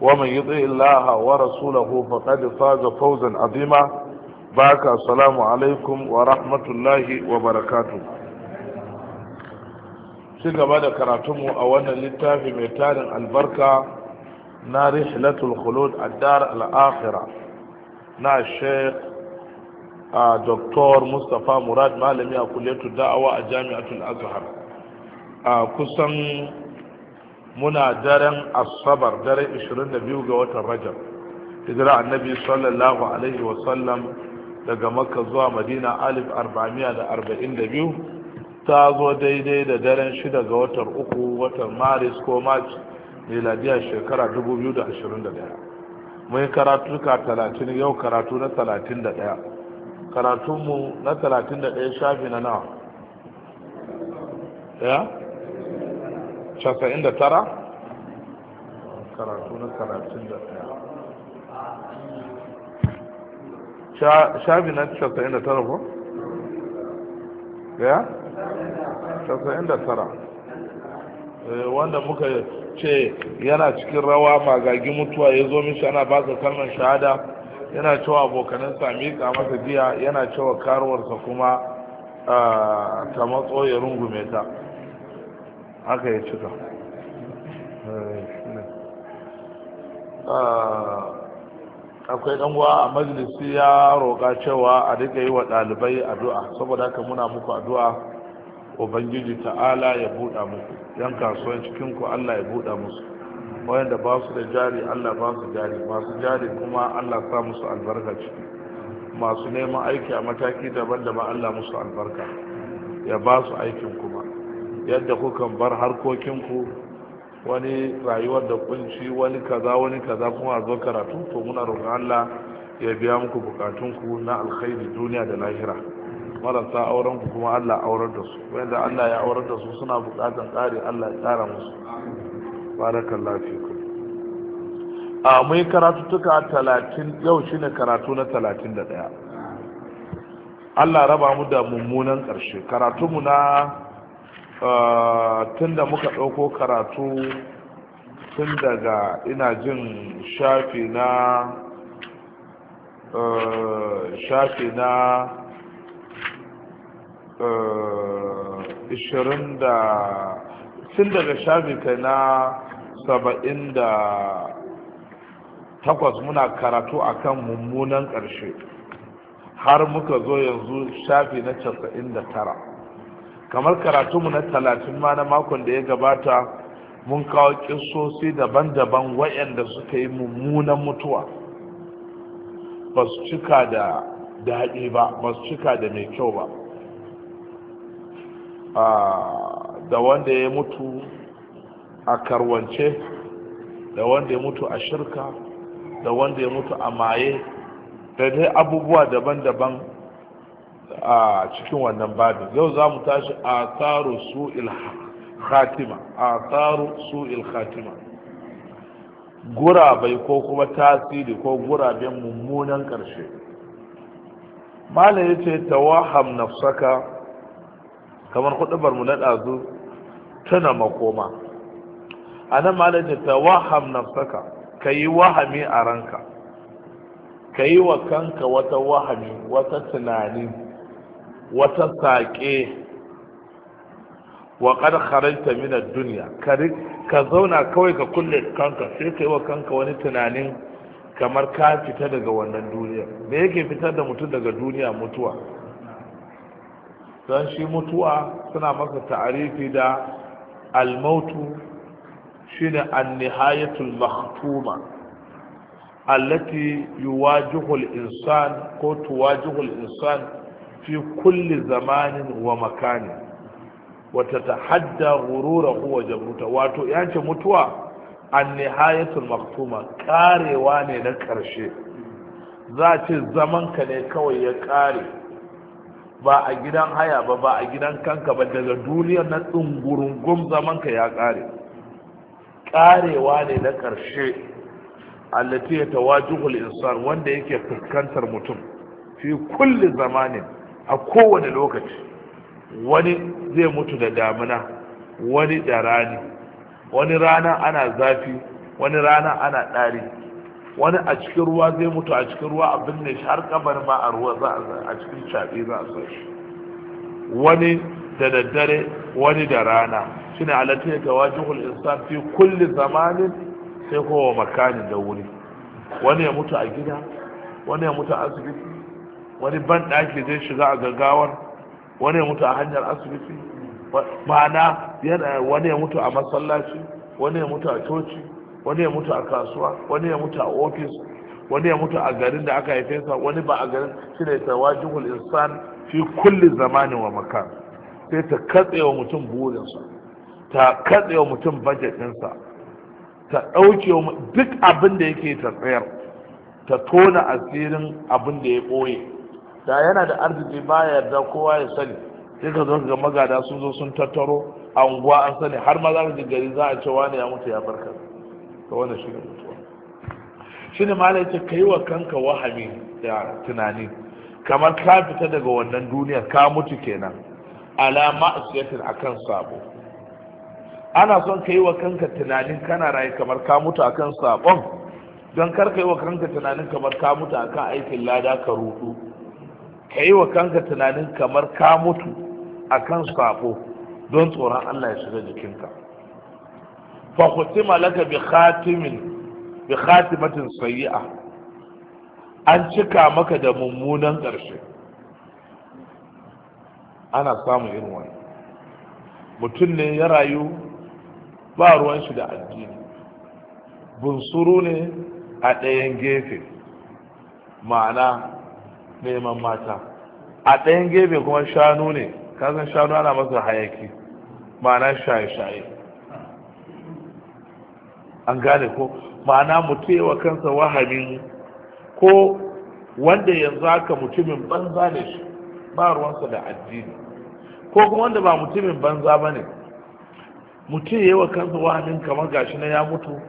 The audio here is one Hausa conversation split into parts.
ومن يطع الله ورسوله فقد فاز فوزا عظيما باك السلام عليكم ورحمة الله وبركاته شكرا بعد كراتم أولا للتافي ميتان البركة نا رحلة الخلود الدار الآخرة نا الشيخ آه، دكتور مصطفى مراد مالمي أقول كلية الدعوة جامعة الأزهر kusan آه، muna daren asabar dare 22 ga watan rajab hijira annabi sallallahu alaihi wa sallam daga makka zuwa madina alif 442 ta zo daidai da daren 6 ga watan uku watan maris ko march miladiya shekara 2021 mun ka 30 yau karatu na 31 karatunmu na 31 shafi na nawa ya casa'in da tara karatu na karatun da ɗaya shabi na casa'in da tara ko? ya? casa'in da tara eh, wanda muka ce yana cikin rawa magagi mutuwa ya zo mishi ana ba ka kalmar shahada yana cewa abokanin sami ka masa biya yana cewa karuwarsa kuma ah, ta matso ya rungume ta haka ya cika ah, akwai ɗanwa a majalisi ya roƙa cewa a rika yi wa ɗalibai addu'a saboda haka muna muku addu'a ubangiji ta'ala ya buɗa muku yan kasuwan cikinku allah ya buɗa musu wayanda ba su da jari allah ba su jari masu jari kuma allah sa musu albarka ciki masu neman aiki a mataki daban-daban allah musu albarka ya ba su aikin kuma yadda kukan bar harkokinku wani rayuwar da kunci wani kaza wani kaza kuma a zo karatu to muna roƙon Allah ya biya muku bukatunku na alkhairi duniya da lahira marasa auren ku kuma Allah aurar da su wanda Allah ya aurar da su suna bukatan tsari Allah ya tsara musu barakallahu fikum a mai tuka 30 yau shine karatu na 31 Allah raba mu da mummunan ƙarshe karatunmu na tun da muka ɗauko karatu tun daga ina jin shafi na eh, shafi na eh, ishirin da tun daga shafi kai na saba'in da takwas muna karatu akan mummunan ƙarshe har muka zo yanzu shafi na casa'in da tara kamar karatunmu na talatin ma na makon da ya gabata mun kawo kisosi daban-daban waɗanda suka yi mummunan mutuwa ba su cika da daɗi ba ba su cika da mai kyau ba da wanda ya mutu a karwance da wanda ya mutu a shirka da wanda ya mutu a maye da dai abubuwa daban-daban a cikin wannan babin yau za mu tashi a tsaro su khatima a tsaro su'il khatima gurabai ko kuma tasiri ko guraben mummunan ƙarshe mala ya ce tawaham nafsaka kamar hudubar mu na ɗazu tuna makoma a nan mala ya ce tawaham nafsaka ka yi wahami a ranka ka yi wa kanka wata wahami wata tunani wata saƙe wa kad kharajta min ad ka zauna kawai ka kulle kanka sai kai wa kanka wani tunanin kamar ka fita daga wannan duniya me yake fitar da mutum daga duniya mutuwa don shi mutuwa suna masa ta'arifi da al-mautu shine an-nihayatul mahtuma allati yuwajihu al-insan ko tuwajihu al-insan fi kulli zamanin wa makani wata ta hadda gurura kuwa jabruta wato yace mutuwa an nihayatul maktuma karewa ne na karshe za ce zamanka ne kawai ya kare ba a gidan haya ba ba a gidan kanka ba daga duniyar na zaman zamanka ya kare karewa ne na karshe allati ya tawajjuhul insan wanda yake fuskantar mutum fi kulli zamanin a kowane lokaci wani zai mutu da damina wani da rani wani rana ana zafi wani rana ana ɗari wani a cikin ruwa zai mutu a cikin ruwa a binne har kabar ma a ruwa za a cikin shafi za a sa wani da daddare wani da rana shine alati ya tawajjuhul insan fi kulli zamanin sai kowa makanin da wuri wani ya mutu a gida wani ya mutu a asibiti wani ban ɗaki zai shiga a gaggawar wani ya mutu a hanyar asibiti ma'ana wani ya mutu a masallaci wani ya mutu a coci wani ya mutu a kasuwa wani ya mutu a ofis wani ya mutu a garin da aka haife sa wani ba a garin shi ne tawajihul insan fi kulli zamanin wa makan sai ta katsewa mutum burinsa ta katsewa mutum bajetinsa ta ɗauke duk abin da yake ta tsayar ta tona asirin abin da ya ɓoye da yana da arziki ba yarda kowa ya sani sai ka zo ga magada sun zo sun tattaro anguwa an sani har ma za ka gari za a ce wani ya mutu ya barka, ka wannan shi ne mutuwa shi ne ma ce ka yi wa kanka wahami da tunani kamar ka fita daga wannan duniya ka mutu kenan ala ma'asiyatin akan sabo ana son ka yi wa kanka tunanin kana rayu kamar ka mutu akan sabon don kar ka yi wa kanka tunanin kamar ka mutu akan aikin lada ka rudu ka yi wa kanka tunanin kamar ka mutu a kan safo don tsoron Allah ya shiga jikinka fa kutima laka bi khatimin khatimatin sayyi'a an cika maka da mummunan ƙarshe ana samun irin wani mutum ne ya rayu ba ruwan shi da addini bunsuru ne a ɗayan gefe ma'ana neman mata a ɗayan gefe kuma shanu ne kasan shanu ana masa hayaki ma'ana shaye-shaye an gane ko ma'ana mutu wa kansa wahamin ko wanda yanzu haka mutumin banza ne shi ba ruwansa da addini ko kuma wanda ba mutumin banza ba ne mutum yi wa kansa wahamin kamar gashi na ya mutu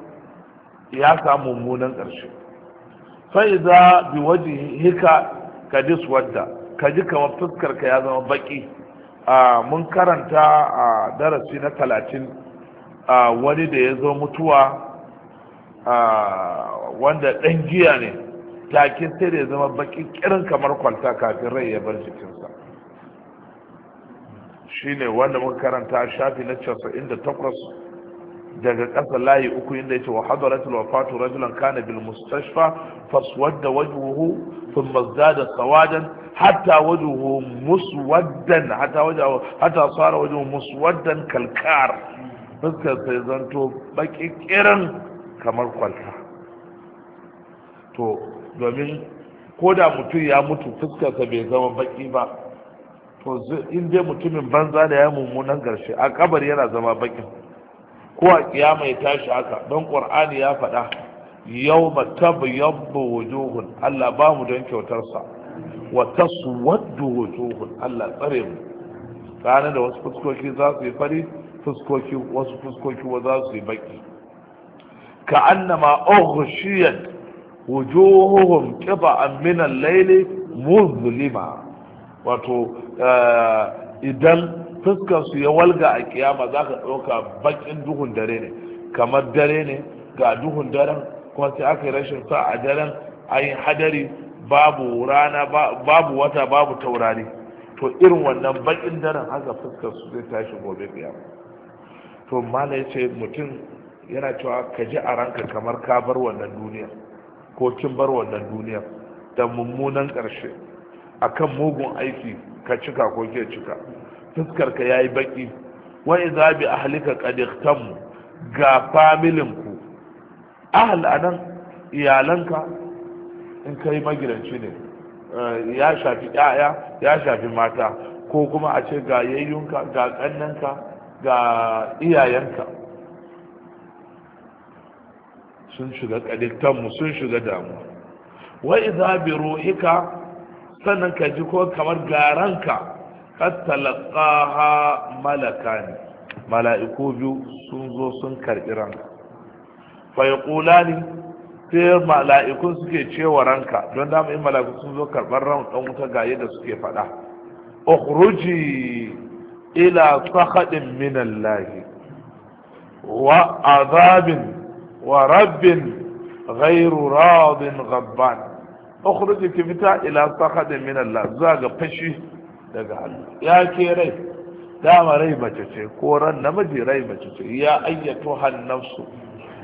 ya samu mummunan ƙarshe fa'iza bi waje hika ka ji wadda ka ji kamar fuskar ka ya zama baki mun karanta a darasi na talatin wani da ya zo mutuwa wanda ɗan giya ne take sai da ya zama baki kirin kamar kwalta kafin rai ya bar jikinsa shine wanda mun karanta shafi na casa'in da takwas daga ƙasa layi uku inda ya ce wa hadaratul wafatu rajulan kana bil mustashfa faswadda wajhuhu ثم ازداد سوادا حتى وجهه مسودا حتى وجهه حتى صار وجهه مسودا كالكار fuskar sai zanto baki kiran kamar kwalta to domin ko da mutum ya mutu fuskarsa bai zama baki ba to in dai mutumin banza da ya mummunan garshe a yana zama bakin ko a kiyama ya tashi haka don ƙur'ani ya faɗa yau ba tabi yabba wujuhun Allah ba mu don kyautarsa wa taswaddu wujuhun Allah tsare mu ranar da wasu fuskoki za su yi fari fuskoki wasu fuskoki wa za su yi baki ka annama ughshiyat wujuhuhum kiba min layli wato eh, idan fuskarsu ya walga a kiyama zaka ɗauka bakin duhun dare ne kamar dare ne ga duhun daren kuma sai aka yi rashin sa a daren a yi hadari babu rana babu wata babu taurari to irin wannan bakin daren haka fuskar su zai tashi gobe biya to malai ce mutum yana cewa ka ji a ranka kamar ka bar wannan duniya ko kin bar wannan duniya da mummunan karshe akan mugun aiki ka cika ko ke cika fuskar ka yayi baki wa idza bi ahlika qad mu ga familin ahal a nan iyalanka in kai magidanci ne eh, ya shafi ƴaƴa ya shafi mata ko kuma a ce ga yayyunka ga ƙannanka ga iyayenka sun shiga ƙalittanmu sun shiga damuwa wai za bi ruhika sannan ka ji ko kamar garanka kattalaqaha malakani mala'iku biyu sun zo sun karɓi ranka fayaqulani sai mala'ikun suke cewa ranka don dama in mala'iku sun zo karɓar ran ɗan wuta ga yadda suke faɗa ukhruji ila sakhadin min Allah wa azabin wa rabbin ghairu radin gabban ukhruji ki fita ila sakhadin min Allah zuwa ga fashi daga Allah ya ke rai dama rai mace ce ko ran namiji rai mace ce ya ayyatu hannafsu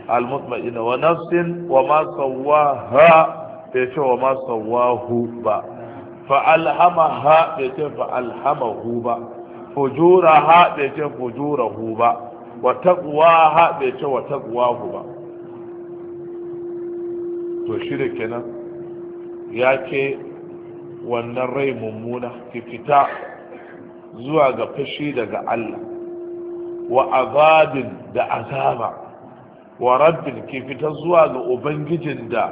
almutmaina wa nafsin wa ma sawwaha ta ce wa ma sawwahu ba fa alhamaha ta ce fa alhamahu ba fujuraha ta ce fujurahu ba wa taqwaha ta ce wa taqwahu ba to shi kenan ya ke wannan rai mummuna ki fita zuwa ga fashi daga Allah wa azabin da azaba wa rabbil ke fita zuwa ga ubangijin da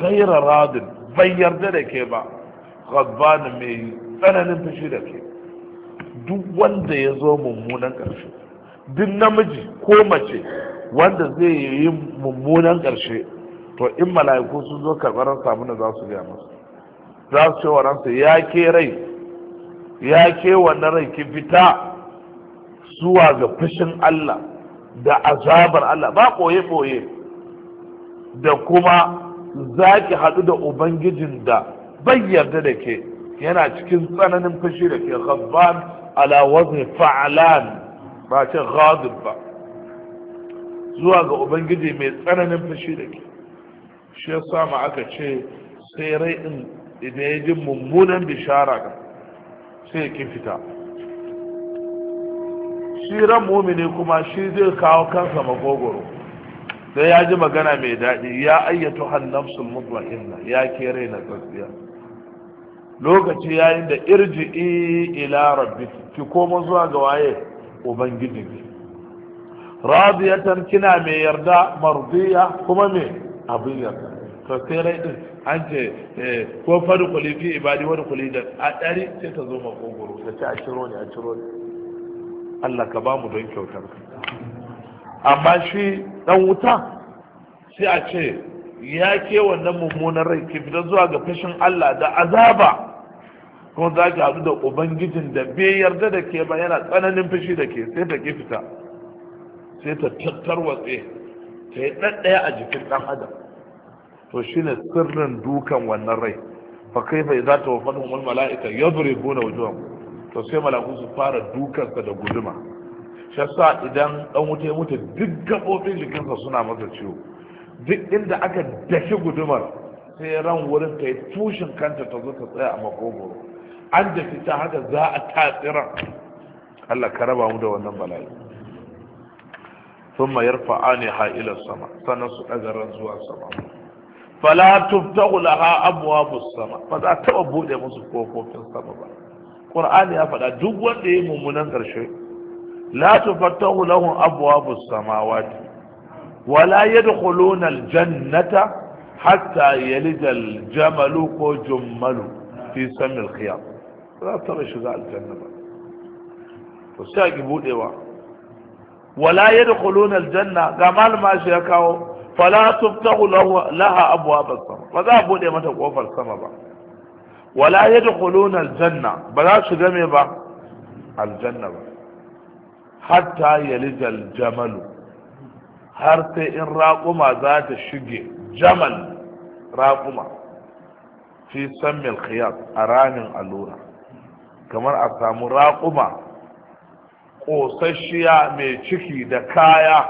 ghaira radin bai yarda da ke ba ghadbana mai tsananin fushi da ke duk wanda ya zo mummunan karshe duk namiji ko mace wanda zai yi mummunan karshe to in mala'iku sun zo karɓar samu za su gaya masa za su ce wa ransa ya ke rai ya ke wannan rai ki fita zuwa ga fushin Allah da azabar Allah ba ɓoye-ɓoye da kuma za ki haɗu da ubangijin da bai yarda da ke yana cikin tsananin fashi da ke ghabban ala wazni fa'alan ba ce ba zuwa ga ubangiji mai tsananin fashi da ke shi ya samu aka ce sai rai in idan ya ji mummunan bishara sai ya ki fita shi ran mumini kuma shi zai kawo kansa magogoro. sai ya ji magana mai daɗi ya ayyatu hannafsul mutma'inna ya kere na tsatsiya lokaci yayin da irji ila rabbi ki koma zuwa ga waye ubangiji radiyatan kina mai yarda mardiya kuma mai abin yarda to sai rai din an ce eh, ko fadu ibadi wani kuli da a ɗari sai ta zo makogoro ta ce a ciro ne a ciro ne Allah ka ba mu don kyautar amma shi dan wuta sai a ce ya ke wannan mummunan rai ke fita zuwa ga fashin Allah da azaba kuma za ki haɗu da ubangijin da bai yarda da ke ba yana tsananin fashi da ke sai ta ke fita sai ta watse ta yi ɗaɗɗaya a jikin ɗan adam to shi ne sirrin dukan wannan rai fa kaifa idza tawaffatuhum wani mala'ika wajen mu to sai malaku su fara dukansa da guduma shasa idan dan wuta ya mutu duk gabobin jikinsa suna masa ciwo duk inda aka dashi gudumar sai ran wurin ta yi tushin kanta ta zo ta tsaya a makogoro an dafi haka za a tatsira Allah ka raba mu da wannan bala'i ثم يرفعانها إلى السماء sama. أجرا زوا السماء فلا تفتح لها za ta فذا تأبو musu فوقو sama ba. qur'ani ya faɗa duk wanda ya yi mummunan ƙarshe, la tufattahu lahum abwabus samawati wala yadkhuluna aljannata hatta yalija aljamalu ko jummalu fi sami alkhiyam za ta taba shiga aljanna ba to sai ki budewa wala yadkhuluna aljanna ga malama shi ya kawo fala tuftahu laha abwabus sama ba za a bude mata kofar sama ba wala yadkhuluna aljanna ba za su game ba aljanna ba hatta yalija jamalu har sai in raƙuma za ta shige jamal raƙuma fi san milkiyar a ranin allura kamar a samu raƙuma ƙosasshiya mai ciki da kaya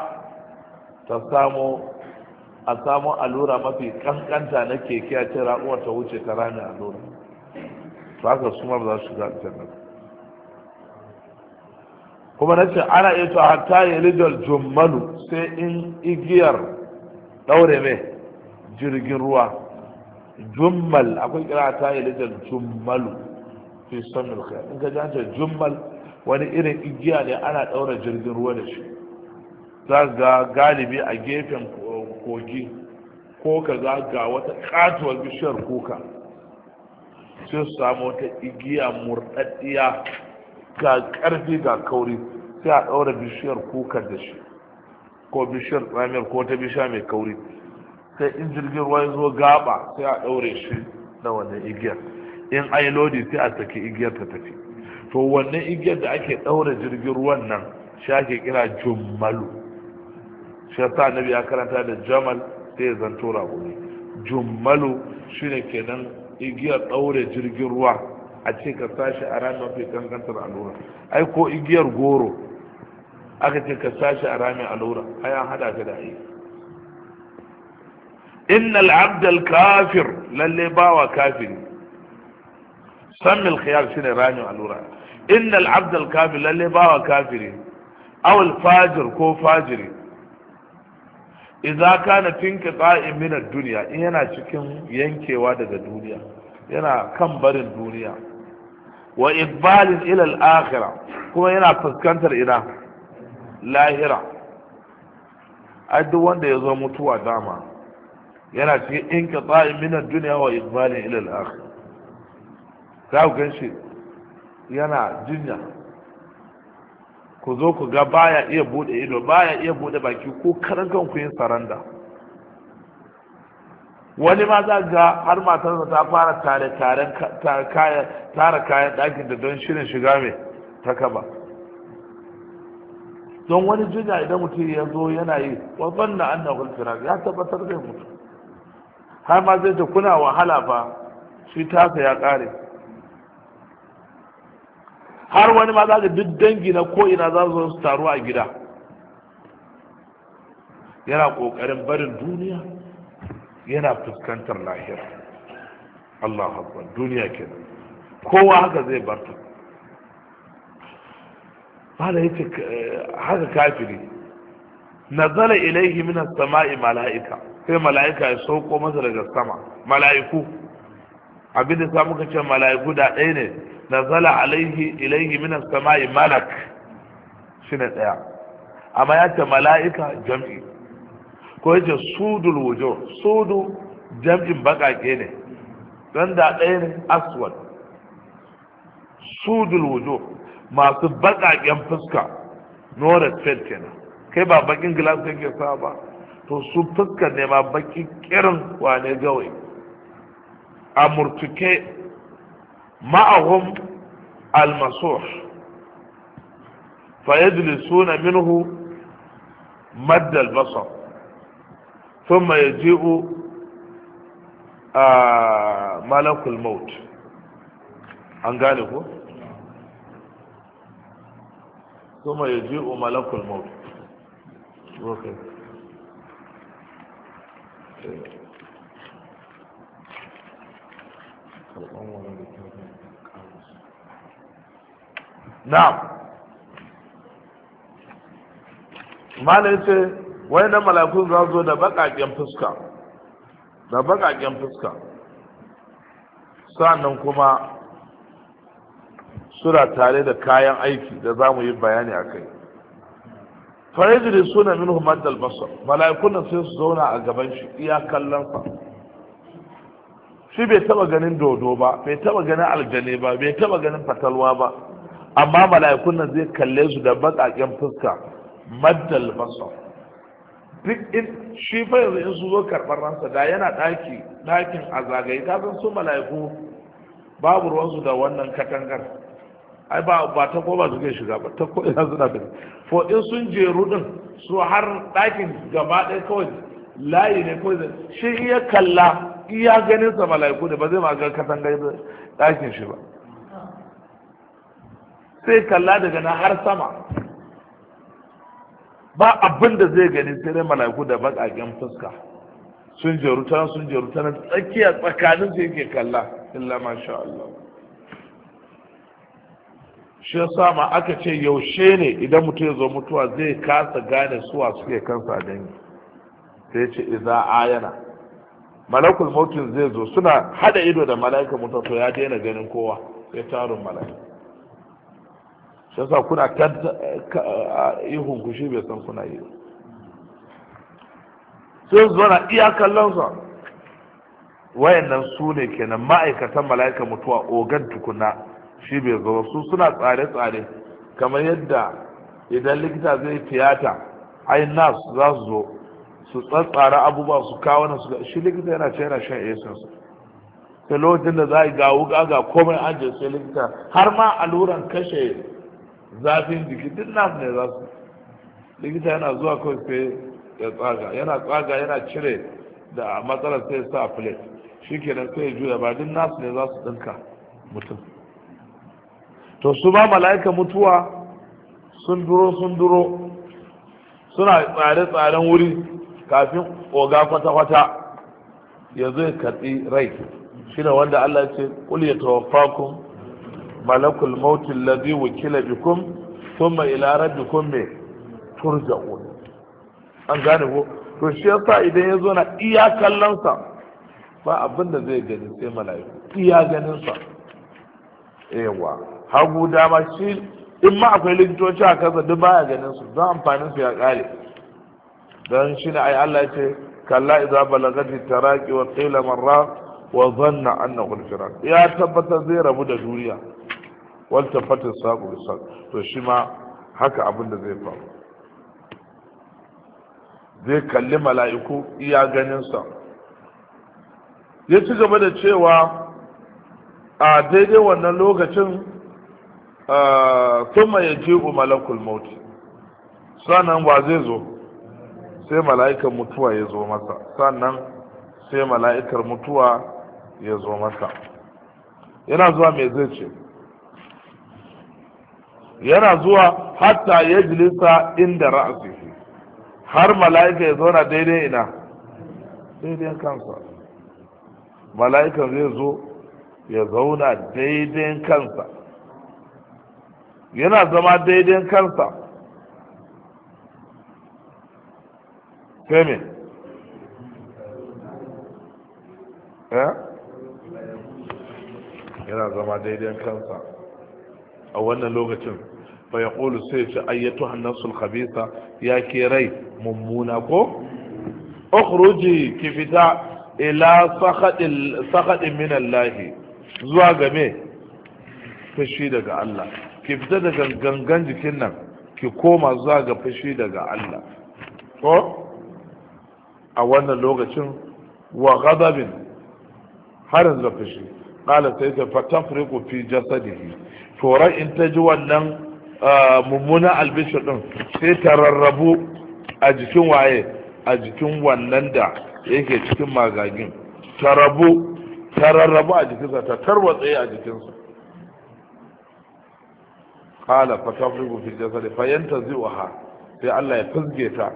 ta samu a samu allura mafi kankanta na keke a ce raƙuwa ta wuce ta ranin allura to haka su ma ba za su shiga aljanna ba kuma na ce ana iya to hatta ya lidar jummalu sai in igiyar daure mai jirgin ruwa jummal akwai kira ta ya lidar jummalu fi samun kai in ka janta jummal wani irin igiya ne ana daura jirgin ruwa da shi za ga galibi a gefen kogi ko ka za ga wata katuwar bishiyar kuka sai su samu wata igiya murɗaɗɗiya ga ƙarfi ga kauri sai a ɗaura bishiyar kukar da shi ko bishiyar tsamiyar ko ta bishiya mai kauri sai in jirgin ruwa ya zo gaba sai a ɗaure shi da wannan igiyar in ai lodi sai a saki igiyar ta tafi to wannan igiyar da ake ɗaura jirgin ruwan nan shi ake kira jummalu shi ya sa annabi ya karanta da jamal sai ya zanto rago ne jummalu shine kenan igiyar ɗaure jirgin ruwa a ce ka sashi a ramin mafi gangantar alura ai ko igiyar goro aka ce ka sashi a ramin alura ai an hada ka da ai innal abdal kafir lalle bawa kafiri sammil khiyar shine ramin alura innal abdal kafir lalle bawa kafiri awal fajir ko fajiri idza kana tinka qa'im min ad-dunya in yana cikin yankewa daga duniya yana kan barin duniya wa iqbal ila al-akhirah kuma yana fuskantar ina lahira ai duk wanda ya zo mutuwa dama yana cikin inka qa'im min ad-dunya wa iqbal ila al-akhirah za ku ganshi yana jinya ku zo ku ga baya iya bude ido baya iya bude baki ko karan ku yin saranda wani ma za ga har matarsa ta fara tare tare, tara kayan ɗakin da don shirin shiga mai ta kaba don wani jinya idan mutum ya zo yana yi wannan da annan hulfirar ya tabbatar zai mutu har ma zai ta kuna wahala fa shi tasa ya kare. har wani ma za ka duk dangi na ko'ina za su taru a gida yana ƙoƙarin barin duniya yana fuskantar lahira Allah haƙon duniya kenan kowa haka zai barta Ba da yake haka kafiri nazara ilaihi min sama'i mala'ika sai mala'ika ya sauko masa daga sama mala'iku abinda da samu ka ce mala'iku da ɗaya ne nazala alaihi ilaihi minas sama'i malak shine daya amma ya ce mala'ika jam'i ko ya ce sudul wujo sudu jam'in bakake ne don da ɗaya ne aswad sudul wujo masu bakaken fuska nora fed kenan kai ba bakin glass kake sa ba to su fuskar ne ma baki kirin wane gawai a murtuke معهم المسوح فيجلسون منه مد البصر ثم يجيء آه، ملك الموت an gane ثم يجيء ملك الموت اوكي Okay. na'am malai ce wai na malakun za zo da bakaken fuska da bakaken fuska sannan kuma suna tare da kayan aiki da za mu yi bayani a kai fayyadiri suna min humaddal basar malaikunan sai su zauna a gaban shi iya kallonsa shi bai taba ganin dodo ba bai taba ganin aljane ba bai taba ganin fatalwa ba amma mala'ikun nan zai kalle su da baƙaƙen fuska maddal basar duk in shi fa yanzu in su zo karɓar ransa da yana ɗaki ɗakin a zagaye ka san su mala'iku babu ruwansu da wannan katangar ai ba ba ta ko ba su ke shiga ba ta ko ina suna da fo in sun jeru din su har ɗakin gaba ɗaya kawai layi ne kawai da shi iya kalla iya ganin sa mala'iku ne ba zai ma ga katangar ɗakin shi ba sai kalla daga nan har sama ba abin da zai gani sai dai mala'iku da baƙaƙen fuska sun jeru ta sun jeru ta tsakiya tsakanin su yake kalla illa masha Allah shi yasa ma aka ce yaushe ne idan mutum ya zo mutuwa zai kasa gane suwa suke kansa dangi sai ce idza ayana malakul mautin zai zo suna hada ido da mala'ika mutum to ya daina ganin kowa sai tarun mala'ika shasa yasa kuna kanta ihun kushi bai san kuna yi sai su zana iya kallonsa wayannan su ne kenan ma'aikatan mala'ika mutuwa ogan tukuna shi bai zama su suna tsare-tsare kamar yadda idan likita zai tiyata ai nas za su zo su tsatsara abubuwa su kawo na su shi likita yana ce yana shan esensu sai lokacin da za a yi gawu gaga komai an sai likita har ma alluran kashe zafin jiki duk nasu ne za su likita yana zuwa kawai sai ya tsaga yana tsaga yana cire da matsalar sai sa filet shi kenan sai juya ba duk nasu ne za su dinka mutum to su ba mala'ika mutuwa sun duro sun duro suna tsare-tsaren wuri kafin oga kwata-kwata ya zai katsi rai shi ne wanda Allah ce kul ya tawafakun malakul mauti allazi wukila bikum ilara ila mai me turja'un an gane ko to shi yasa idan ya zo na iya kallonsa ba abin da zai gani sai mala'iku iya ganin sa yawa hagu dama shi in ma akwai likitoci a kansa duk baya ganin su don amfanin su ya kare don shi ne ai Allah ya ce kalla idza balagati taraqi wa qila marra wa dhanna annahu al ya tabbatar zai rabu da duniya wata fatin saƙo da to shi ma haka abin da zai faru zai kalli mala'iku iya ganinsa ya ci gaba da cewa a daidai wannan lokacin kuma ya je malakul mauti sannan wa zai zo sai mala'ikan mutuwa ya zo masa sannan sai mala'ikar mutuwa ya zo masa yana zuwa mai zai ce yana zuwa hatta ya jilisa inda ra'asihi har mala'ika ya zauna daidai ina daidai kansa mala'ika zai zo ya zauna daidai kansa yana zama daidai kansa femin eh? yana zama daidai kansa a wannan lokacin fa ya ƙolu sai ce ayyatu hannasul khabisa ya ke rai mummuna ko ukhruji ki fita ila sakhaɗin min Allah zuwa game. fashi daga Allah ki fita daga gangan jikin nan ki koma zuwa ga fashi daga Allah ko a wannan lokacin wa ghadabin harin zafashi qala sai ta fatafriqu fi jasadihi to in ta ji wannan mummuna albishir din sai ta rarrabu a jikin waye a jikin wannan da yake cikin magagin ta rabu ta rarrabu a jikinsa ta tarwatse a jikinsa kala fatafrigu fi jasadi fa yantazi'uha sai Allah ya fizge ta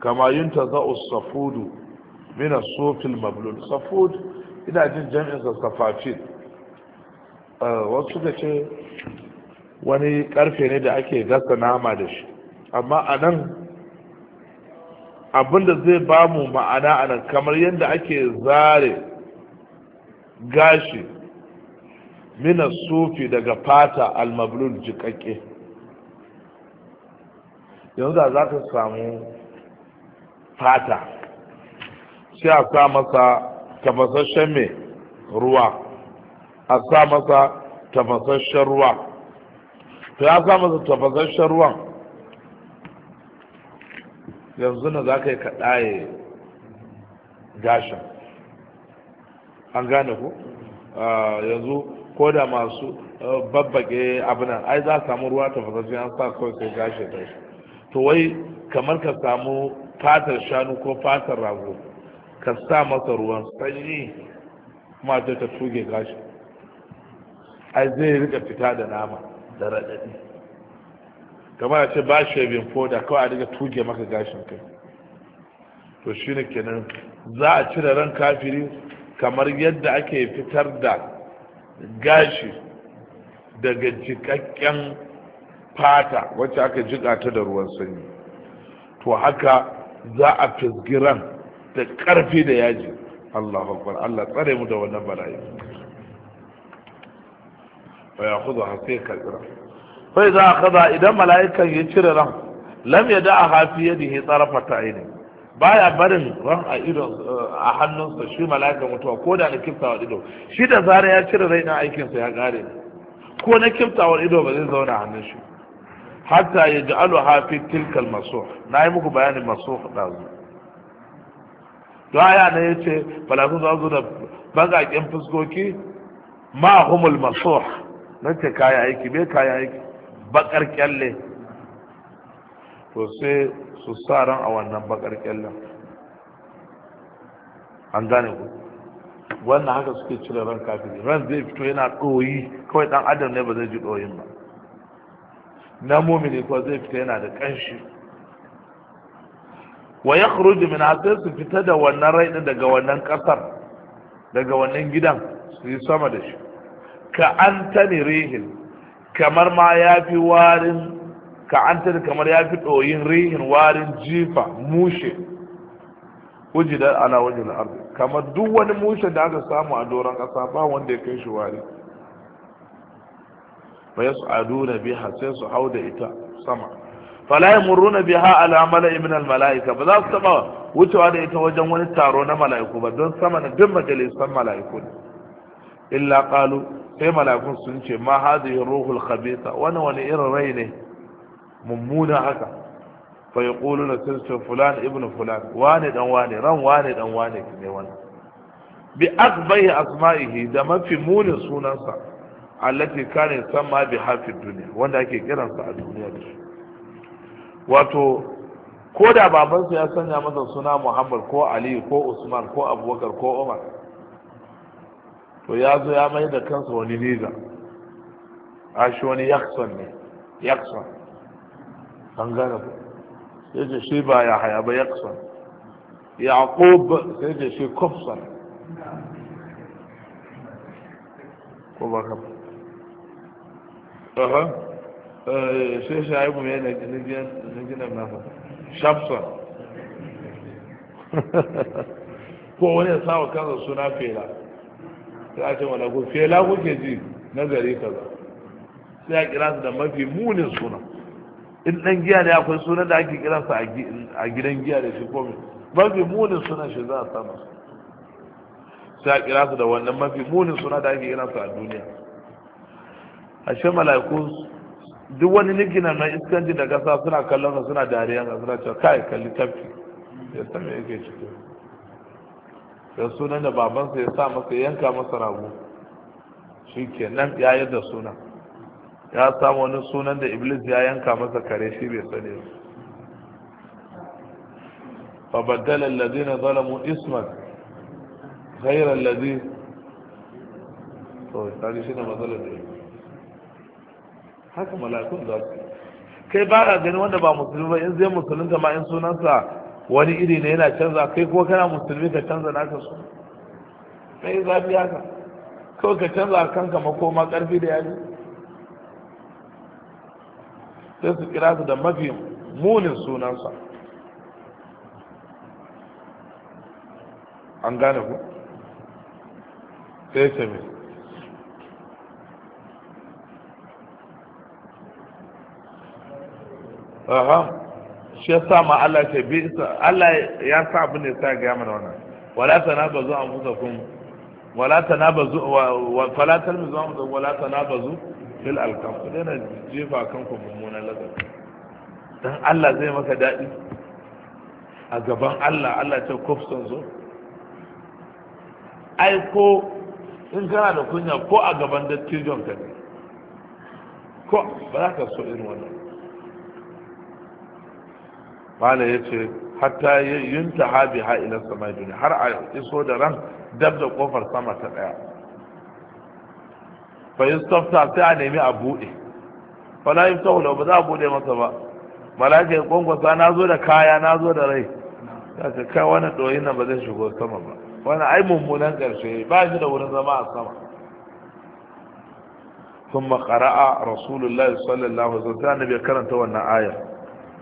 kama yuntaza'u safudu min as-sufil mablul safud ina jin jami'in sa safafin eh, wasu suka ce wani karfe ne da ake gasa nama da shi amma a nan abinda zai ba mu ma'ana a nan kamar yadda ake zare gashi mina sufi daga fata almablul jikakke yanzu da za ka samu fata sai a sa masa tafasasshen mai ruwa a sa masa tafasasshen ruwa to ya sa masa tafasasshen ruwan yanzu na za ka yi kaɗaye gashin an gane ku yanzu ko da masu babbage abinan ai za samu ruwa tafasasshen an sa kawai sai gashin ta shi to wai kamar ka samu fatar shanu ko fatar rago ka sa masa ruwan sanyi kuma ta tuge gashi ai zai rika fita da nama da raɗaɗi kamar a ce ba shaving foda kawai a daga tuge maka gashin kai to shi ne kenan za a cire ran kafiri kamar yadda ake fitar da gashi daga jikakken fata wacce aka jiƙa ta da ruwan sanyi to haka za a ran da ƙarfi da yaji Allah akbar Allah tsare mu da wannan bala'i fa ya kudu ha fa za a kaza idan mala'ikan ya cire ran lam ya a hafi yadda ya tsarafa ta aini baya barin ran a idon a hannunsa shi mala'ikan mutuwa ko da na kiftawa ido shi da zara ya cire rai na sa ya ƙare ko na kiftawa ido ba zai zauna hannun shi hatta ya ji hafi tilkal maso na yi muku bayanin maso ɗazu daya ne ya ce falafin za su da bagaƙen fuskoki ma humul maso na ce kayan aiki me kayan aiki bakar kyalle to sai su sa ran a wannan bakar kyalle an gane ku wannan haka suke cire ran kafin ran zai fito yana ɗoyi kawai ɗan adam ne ba zai ji ɗoyin ba na mumini ko zai fita yana da ƙanshi wa ya kuruji mina sai su fita da wannan rai daga wannan ƙasar daga wannan gidan su yi sama da shi ka an tani rihin kamar ma ya fi warin ka an tani kamar ya fi ɗoyin rihin warin jifa mushe wujidar ala wajen arzi kamar duk wani mushe da aka samu a doron ƙasa ba wanda ya kai shi wari fa yasu na biha sai su hau da ita sama fala yamurruna biha biya ha alamala imin mala'ika ba za su taba wucewa da ita wajen wani taro na mala'iku ba don sama na duk majalisar mala'iku ne illa qalu sai malakun sun ce ma hadhihi ruhul khabitha wani wani irin rai ne mummuna haka fa yaquluna sirtu fulan ibnu fulan wani dan wani ran wani dan wani ne wannan bi akbahi asma'ihi da mafi munin sunansa allati kana yusamma bi hafi dunya wanda ake kiransa a duniya da shi wato ko da baban babansa ya sanya masa suna Muhammad ko Ali ko Usman ko Abubakar ko Umar to ya zo ya mai da kansa wani niza a shi wani yakson ne yakson an gane ku ya shi ba ya haya ba yakson yaƙub sai ce shi kofson ko ba kama aha eh, sai shi aibu mai na ginan nasa shafson ko wani ya sa wa kansa suna fela sai a ce wa lagu fela kuke ji nazari kaza sai a kira su da mafi munin suna in dan giya ne akwai suna da ake kira su a gidan giya da shi komai mafi munin suna shi za a sama sai a kira su da wannan mafi munin suna da ake kira su a duniya a shi mala'iku duk wani nigina na iskanci da gasa suna kallon suna dariya suna cewa kai kalli tafi ya sami yake cikin da sunan da babansa ya sa masa yanka masa rago shi ke nan ya da suna ya samu wani sunan da iblis ya yanka masa kare shi bai sani ba فبدل الذين zalamu اسما غير الذي to tare shi ne matsalar da haka malakun za su kai ba ka gani wanda ba musulmi ba in zai musulunta ma in sunansa wani iri ne yana canza kai kuma kana musulmi ka canza naka su kai zafi haka kawai ka canza kanka makoma karfi da yaji sai su kira su da mafi munin sunansa an gane ku sai ce mai -huh. shi yasa ma Allah ce bi Allah ya sa abin da ya sa ga mana wannan wala tanabazu kun wala tanabazu wa fala talmizu musa wala tanabazu fil alqab dana jefa ku mummunan laza, dan Allah zai maka dadi a gaban Allah Allah ce son zo ai ko in kana da kunya ko a gaban dattijon ka ne ko ba za ka so irin wannan mala ya ce hatta yin ta habi ha ila sama duniya har a iso da ran dab da kofar sama ta daya fa yustafta sai a nemi a bude fa la yuftahu law ba za a bude masa ba malaka ya kwankwasa na zo da kaya na zo da rai ka kai wani doyin nan ba zai shigo sama ba wani ai mummunan karshe ba shi da wurin zama a sama ثم قرأ رسول الله صلى الله عليه وسلم النبي كرنت وانا آية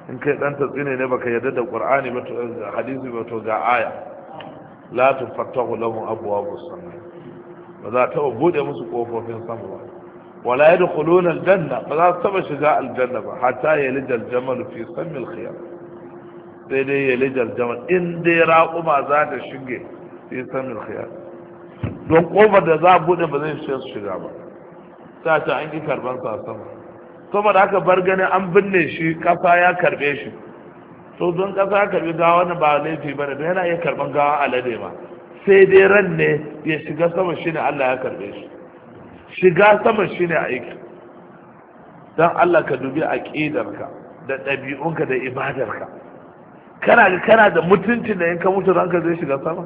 in kai dan tsine ne baka yarda da qur'ani ba to eh, hadisi ba to ga aya la tufattahu lahum abwabus sama ba za ta bude musu kofofin sama ba wala yadkhuluna aljanna ba za su taba shiga aljanna ba hatta yalija aljamal fi sammil khiyam sai dai yalija aljamal in dai raquma za ta shige fi sammil khiyam don kofar da za a bude ba zai shiga ba ta ta an ki karban sa sama saboda aka bar gani an binne shi kasa ya karbe shi to don kasa ya karbi gawa wani ba laifi bane don yana iya karban gawa alade ma sai dai ran ne ya shiga sama shine Allah ya karbe shi shiga sama shine aiki don Allah ka dubi aqidarka da ɗabi'unka da ibadarka kana ga kana da mutunci da in ka mutu ka zai shiga sama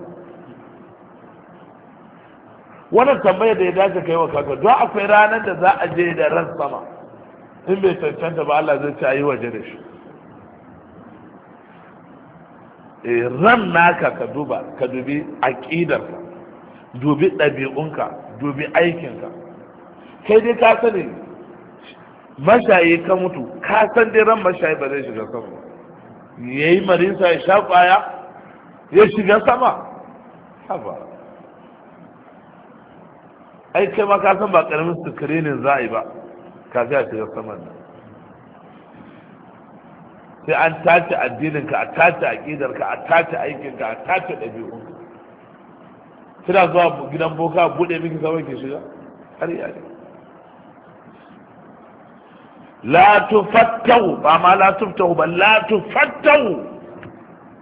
wannan tambayar da ya dace kai wa kaka don akwai ranar da za a je da ran sama in bai cancanta ba Allah zai ce a yi waje da shi eh, ran naka ka duba ka dubi aƙidarka dubi ɗabi'unka dubi aikinka kai dai ka sani mashayi ka mutu ka san dai ran mashayi ba zai shiga sama ya yi marisa ya sha ƙwaya ya shiga sama haba ai kai ma ka san ba ƙaramin sikirinin za a yi ba kafin a shiga saman nan sai an tace addininka a tace aƙidarka a tace aikinka a tace ɗabi'unka suna zuwa gidan boka buɗe miki kawai ke shiga har yare la tufattahu ba ma la tuftahu ba la tufattahu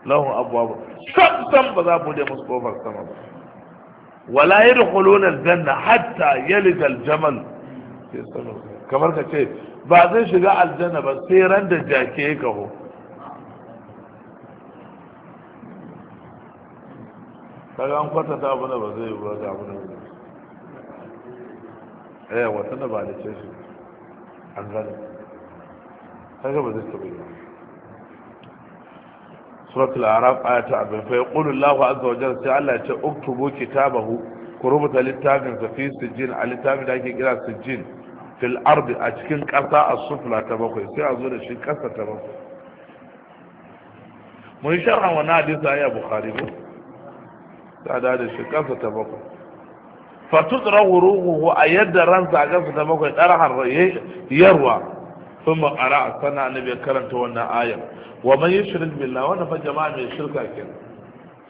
lahum abwaab sam sam ba za bude musu kofar sama ba wala yadkhuluna aljanna hatta yalida aljamal fi sanad kamar ka ce ba zai shiga aljanna ba sai ran da jake ya kaho kaga an ta abu na ba zai ba ga abu na ba eh wata da ba da ce shi an gane kaga ba zai taɓa yi surat al-araf ayata abin fa yaqulu Allahu azza wa jalla sai Allah ya ce uktubu kitabahu ku rubuta littafin sa fi a littafin da ake kira sijjin fil ardi a cikin ƙasa a sufla ta bakwai sai a zo da shi ƙasa ta bakwai mun sharha wani hadisi a yi a bukari ko ta da da shi ƙasa ta bakwai fatudra wuruhu a yadda ransa a ƙasa ta bakwai ɗarhar yarwa sun makara a sana ne bai karanta wannan ayar wa man yi shirin billah wanda fa jama'a mai shirka kenan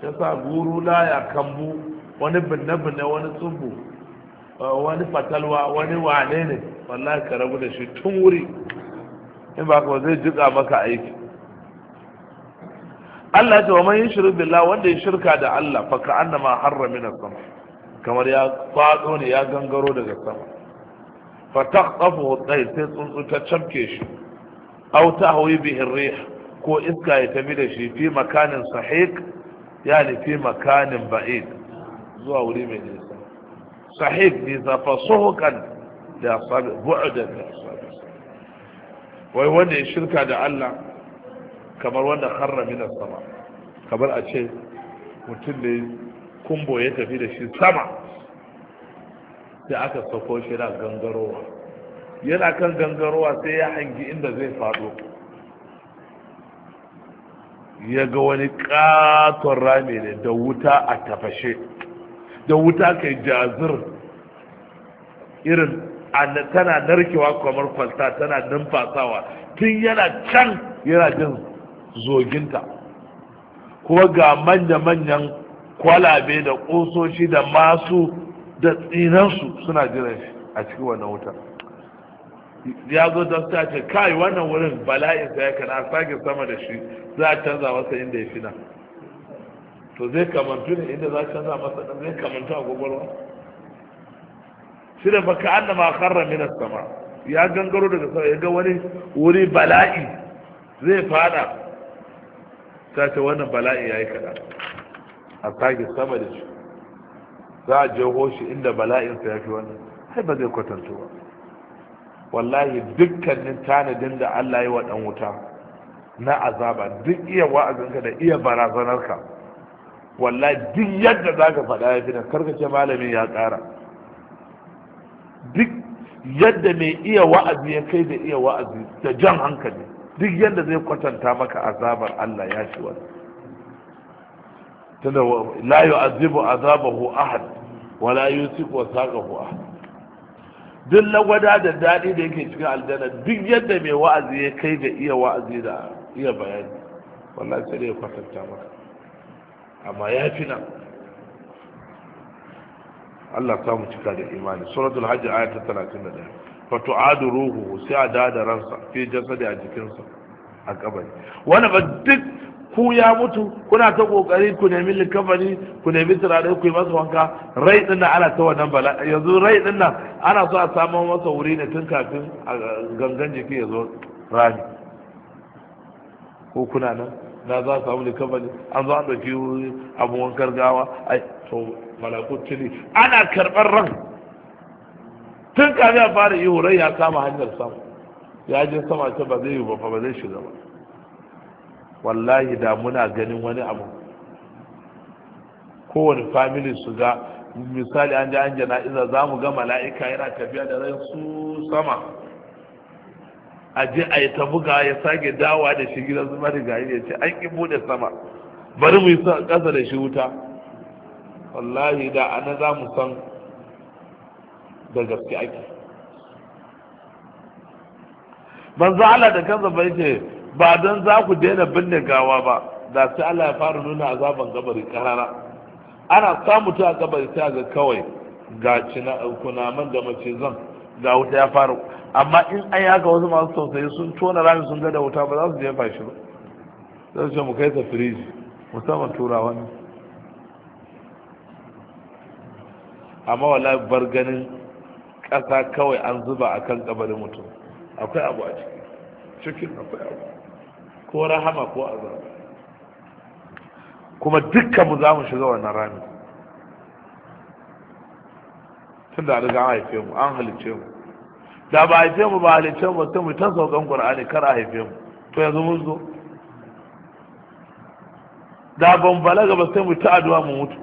shi sa guru la ya kambu wani binne-binne wani tsubu wani fatalwa wani wane ne wallahi ka rabu da shi tun wuri in ba ka zai jika maka aiki Allah ta wa man yushrik billah wanda ya shirka da Allah fa ka annama harra min sama kamar ya fado ne ya gangaro daga sama fa taqtafu tayr sai tsuntsu ta camke shi aw tahwi bihi rih ko iska ya tafi da shi fi makanin sahiq yani fi makanin ba'id zuwa wuri mai nisa sahih bisa fasuhukan da asabi bu'udan wai wanda ya shirka da Allah kamar wanda harra sama kamar a ce mutum da kumbo ya tafi da shi sama sai aka sako shi na gangarowa yana kan gangarowa sai ya hangi inda zai faɗo. ya ga wani katon rami ne da wuta a tafashe da wuta kai jazir irin tana narkewa kamar kwalta tana numfasawa tun yana can yana jin zoginta kuma ga manya-manyan kwalabe da ƙososhi da masu da tsinansu suna jiran shi a cikin wannan wuta ya zo da ta ce kai wannan wurin bala'insa ya kana sake sama da shi za a canza masa inda ya fi nan to zai kamantu ne inda za ka sa masa ɗan zai kamantu a gwagwarwa shi da baka an da makarra minas sama ya gangaro daga sama ya ga wani wuri bala'i zai fada ta ce wannan bala'i ya yi kaɗan a tsage sama da shi za a je hoshi inda bala'insa ya fi wannan sai ba zai kwatanto ba wallahi dukkanin tanadin da Allah ya wa ɗan wuta na azaba duk iya wa'azinka da iya barazanarka wallahi duk yadda za ka faɗa ya fi nan karka ce malamin ya ƙara duk yadda mai iya wa'azi ya kai da iya wa'azi da jan hankali duk yadda zai kwatanta maka azabar Allah ya shi wani tunda la yu'azibu azabahu ahad wa la yusiku wasaqahu ahad duk lagwada da daɗi da yake cikin aljanna duk yadda mai wa'azi ya kai da iya wa'azi da iya bayani wallahi sai ya kwatanta maka amma ya fi nan Allah ta mu cika da imani suratul hajj ayat ta 31 fa tu'adu ruhu sai a dada ransa fi jasadi a jikinsa a kabari wani ba duk ku ya mutu kuna ta kokari ku nemi likabari ku nemi turare ku yi masa wanka rai din nan ana ta wannan bala yanzu rai din nan ana so a samu masa wuri ne tun kafin gangan jiki ya zo ko kuna nan na za su hau da kamar an zo an ɗauki abu wankar gawa ai to malakut tuni ana karɓar ran tun kami a fara yi hurai ya kama hanyar sam ya ji sama ta ba zai yi ba ba zai shiga ba wallahi da muna ganin wani abu kowane family su ga misali an ji an jana'iza za mu ga mala'ika yana tafiya da rai su sama a je a yi ta buga ya sake dawa da shi gidan zuma da gari ya ce an ki da sama bari mu yi ƙasa da shi wuta wallahi da ana za mu san da gaske ake za Allah da kansa bai ce ba don za ku daina binne gawa ba da sai Allah ya fara nuna azaban gabari karara ana samu ta gabari ta ga kawai ga cina kunaman da macizan ga wuta ya fara amma in an yaka wasu masu tausayi sun tona rami sun gada wuta ba za su jefa shi ba za su ce mu kai ta firiji musamman turawa ne amma wala bar ganin ƙasa kawai an zuba a kan kabarin mutum akwai abu a ciki cikin akwai abu ko rahama ko azaba kuma dukkan mu za mu shiga wannan rami tun da riga an haife mu an halice mu da ba haife mu ba halice mu ta mu ta saukan qur'ani kar a haife mu to yanzu mun zo da ban balaga ba sai mu ta addu'a mu mutu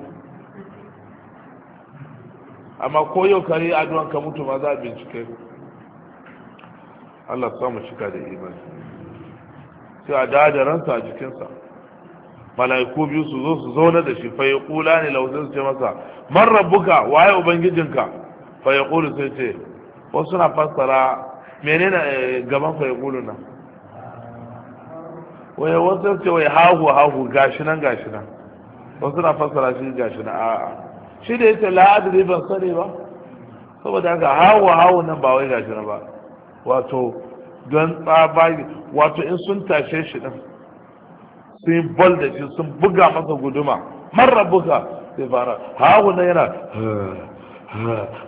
amma ko yau kare addu'a ka mutu ma za a bincike Allah samu shika da imani sai a da ransa a jikinsa mala'iku biyu su zo su zauna da shi fa kula ne lausin su ce masa man rabbuka waye ubangijinka fai kulu sai ce wasu na fassara mene na eh, gaban fai kulu na waye wasu ce wai hahu hahu gashi nan gashi nan wasu na fassara shi gashi nan a'a shi da yake la adri ban sani ba saboda haka hahu hahu nan ba wai gashi nan ba wato don tsabagi wato in sun tashe shi din sun yi bol da shi sun buga masa guduma marar buga sai fara na yana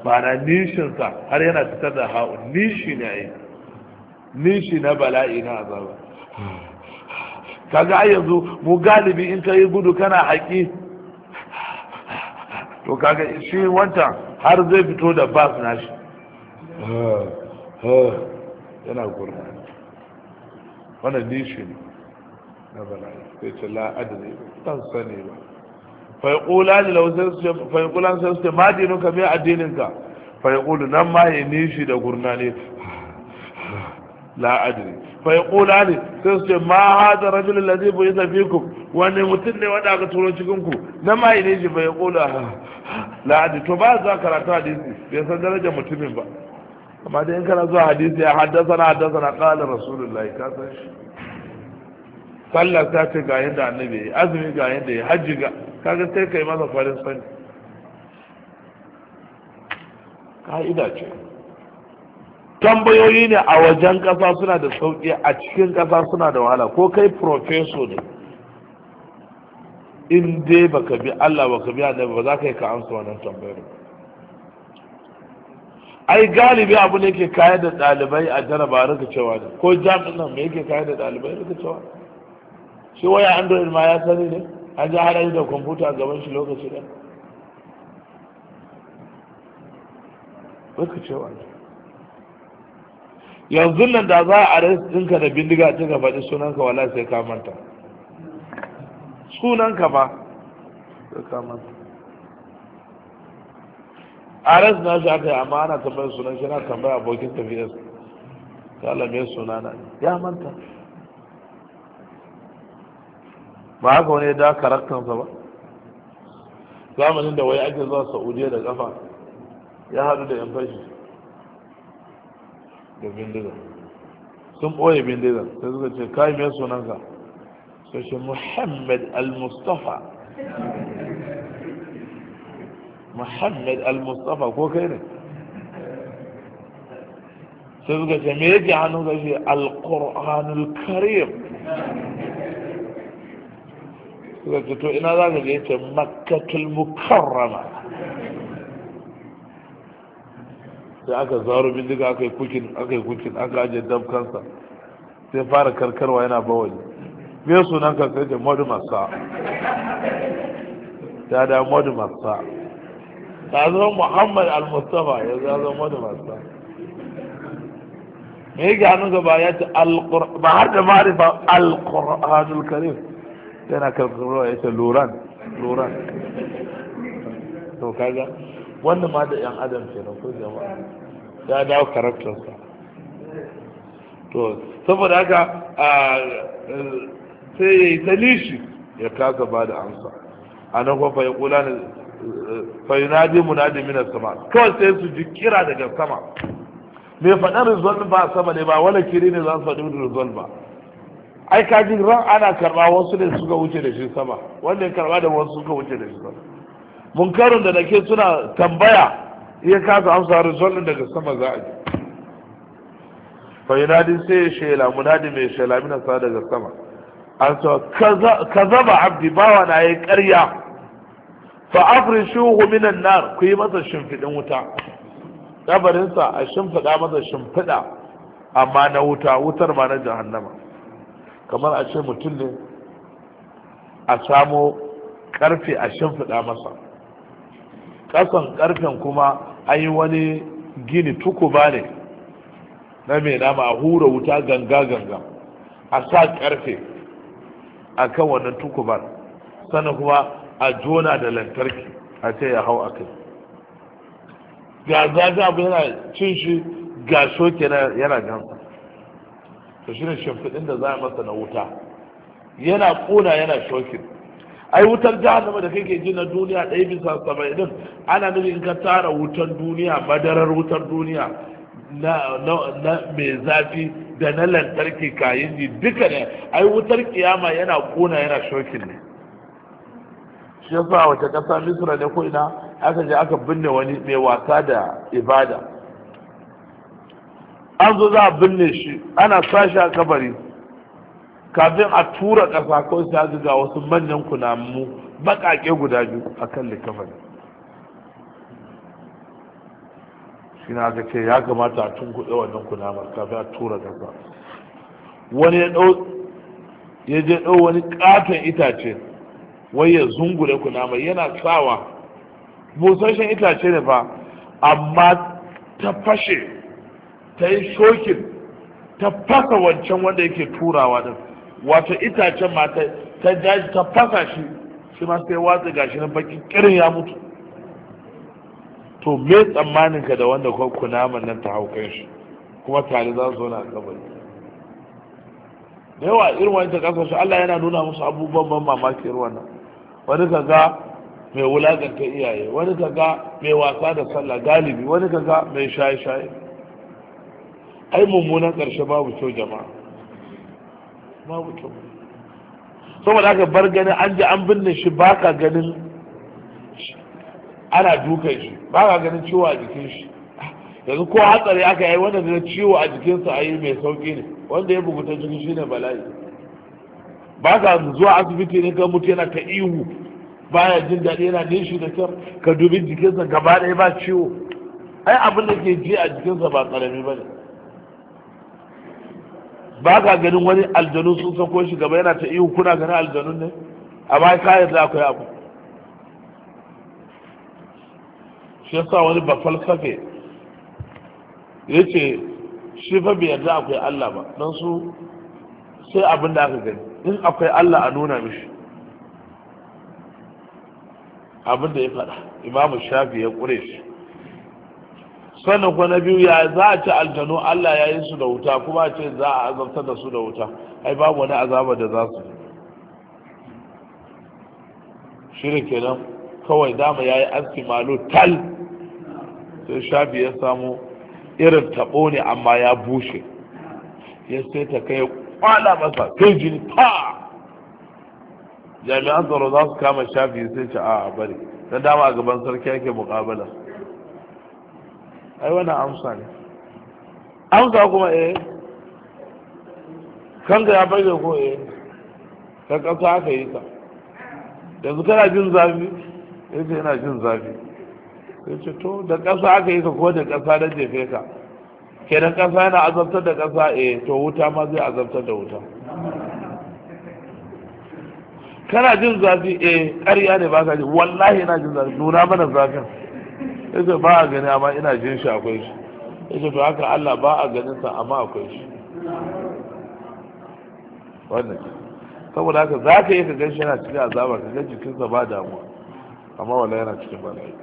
ma'ana nishinsa har yana fitar da hau nishi ne yi nishi na bala'i na azaba kaga ai yanzu mu galibi in ka yi gudu kana haƙi to kaga shi wanta har zai fito da bas na shi yana gurma wannan nishi ne na bala'i sai ce la adri kan sani ba fa yaqula li law fa yaqula su ce ma ka me addinin ka fa yaqulu nan ma ya nishi da gurnani la adri fa yaqula li su ce ma hada rajul alladhi bu'itha fikum wani mutum ne wanda aka turo cikin ku nan ma ya nishi fa yaqula ah, la adri to ba za karatu hadisi bai san darajar mutumin ba amma dai in kana zuwa hadisi ya haddasa na haddasa na qala rasulullahi ka san shi sallah ta ce ga yadda annabi ya yi azumi ga yadda ya hajji ga kaga sai kai masa farin sani ka'ida ce tambayoyi ne a wajen kasa suna da sauƙi a cikin kasa suna da wahala ko kai profeso ne in dai baka bi Allah baka bi annabi ba za ka yi ka amsa wannan tambayar ai galibi abu ne ke kayar da ɗalibai a jarabawa rikicewa ne ko jami'in nan me yake kayar da ɗalibai rikicewa ne shi waya android ma ya sani ne an ji har da kwamfuta a gaban shi lokaci ɗan baka cewa yanzu nan da za a arrest ɗinka da bindiga ta ka faɗi sunanka wala sai ka manta sunanka ba sai ka manta arrest na shi aka yi amma ana tambayar sunan shi na tambaya abokin tafiyar ta lamar sunana ya manta ba haka wani da karaktansa ba zamanin da wai ake zuwa saudiya da kafa ya haɗu da yan fashi da bindiga sun ɓoye bindiga sai suka ce kai mai sunanka sai shi muhammad al-mustafa muhammad al-mustafa ko kai ne sai suka ce me yake hannun ka shi al-qur'anul karim suka ce ina za ka je ce makkatul mukarrama sai aka zaro bindiga aka yi kukin aka yi kukin aka ajiye dabkansa sai fara karkarwa yana bawali me sunan ka sai ce modu masa ta da modu masa ta zama muhammad al-mustafa ya zama modu masa me yake hannun gaba ya ce ba har da marifa al-qur'anul karim yana karkarwa ya ce loran loran to kaga wannan ma da yan adam ce na ko jama'a ya dawo karaktarsa to saboda haka sai ya yi talishi ya kasa ba da amsa a nan kuma ya kula na fayunadi munadi minas sama kawai sai su ji kira daga sama mai faɗin rizal ba sama ne ba wani kiri ne za su faɗi rizal ba ai kaji ran ana karba wasu ne suka wuce da shi sama wanda ya karba da wasu suka wuce da shi sama munkarin da nake suna tambaya iya kasa amsa rizalin daga sama za a ji fa yunadi sai ya shela munadi mai shela mina sa daga sama an sa kazaba abdi bawa na yi ƙarya fa afrishuhu minan nar ku yi masa shimfiɗin wuta kabarinsa a shimfida masa shimfida amma na wuta wutar ma na jahannama kamar a ce mutum ne a samo karfe a shimfiɗa masa ƙasan karfen kuma an yi wani gini tukuba ne na mai nama a hura wuta ganga-ganga a sa karfe a kan wannan tukubar sannan kuma a jona da lantarki a ce ya hau a kai ga zafi abu yana cin shi ga soke yana gansa to shine shimfiɗin da za a masa na wuta yana ƙuna yana shokin ai wutar jahannama da kake ji na duniya ɗaya bisa saba'in ana nufin in ka tara wutar duniya madarar wutar duniya na mai zafi da na lantarki kayan ji duka ne ai wutar kiyama yana ƙuna yana shokin ne shi yasa wace ƙasa misra ne ko ina aka je aka binne wani mai wasa da ibada an zo za a binne shi ana sashi a kabari kafin a tura ƙasa ko sai ga wasu manyan kunamu baƙaƙe guda biyu a kan likafani shi na aka ce ya kamata a tun kuɗe wannan kunamar kafin a tura ƙasa wani ya je ɗau wani ƙaton itace wai ya zungure kunamar yana sawa busasshen itace ne fa amma ta fashe ta yi shokin ta fasa wancan wanda yake turawa din wato itacen mata ta jaji ta fasa shi shi ma sai watsa gashi na baki kirin ya mutu to me tsammanin ka da wanda ko kunaman nan ta haukan shi kuma tare za su na kabari da yawa irin wani ta kasashe Allah yana nuna musu abubuwan ban mamaki irin wannan wani ka ga mai wulaganta iyaye wani ka ga mai wasa da sallah galibi wani ka ga mai shaye-shaye ai mummunan ƙarshe babu kyau jama'a babu kyau saboda aka bar ganin an ji an binne shi ba ka ganin ana dukan shi ba ka ganin ciwo a jikin shi yanzu ko hatsari aka yi wanda da ciwo a jikinsa a yi mai sauƙi ne wanda ya buguta jiki shi ne bala'i ba ka zuwa asibiti ne ka mutu yana ta ihu baya jin daɗi yana nishi da kyar ka dubi jikinsa gaba ɗaya ba ciwo ai abin da ke ji a jikinsa ba ƙarami ba ne ba ka ganin wani aljanu sun sako shi gaba yana ta ihu kuna ganin aljanun ne amma ka ku akwai abu shi yasa wani bafal safe ya ce shi fa bai yarda akwai Allah ba don su sai abin da aka gani in akwai Allah a nuna mishi abin da ya faɗa imamu shafi ya ƙure shi sannan kuma na biyu ya za a ci aljanu Allah ya yi su da wuta kuma ce za a azabtar da su da wuta ai babu wani azaba da za su shirin kenan kawai dama ya yi aski malu tal sai shafi ya samu irin tabo ne amma ya bushe ya sai ta kai kwala masa kai jini ta jami'an tsaro za su kama shafi sai ta a bari na dama a gaban sarki yake mukabala ai wannan amsa ne amsa kuma eh kanka ya bai da ko eh ka kasa aka yi ka yanzu kana jin zafi ya ce yana jin zafi ya ce to da ƙasa aka yi ka ko da ƙasa na jefe ka kenan ƙasa yana azabtar da ƙasa eh to wuta ma zai azabtar da wuta kana jin zafi eh ƙarya ne ba ka ji wallahi na jin zafi nuna mana zafin yace ba a gani amma ina jin shi akwai shi yace to haka Allah ba a ganin sa amma akwai shi wannan saboda haka za ka yi ka gan shi yana cikin azaba ka ga sa ba damuwa amma wala yana cikin bala'i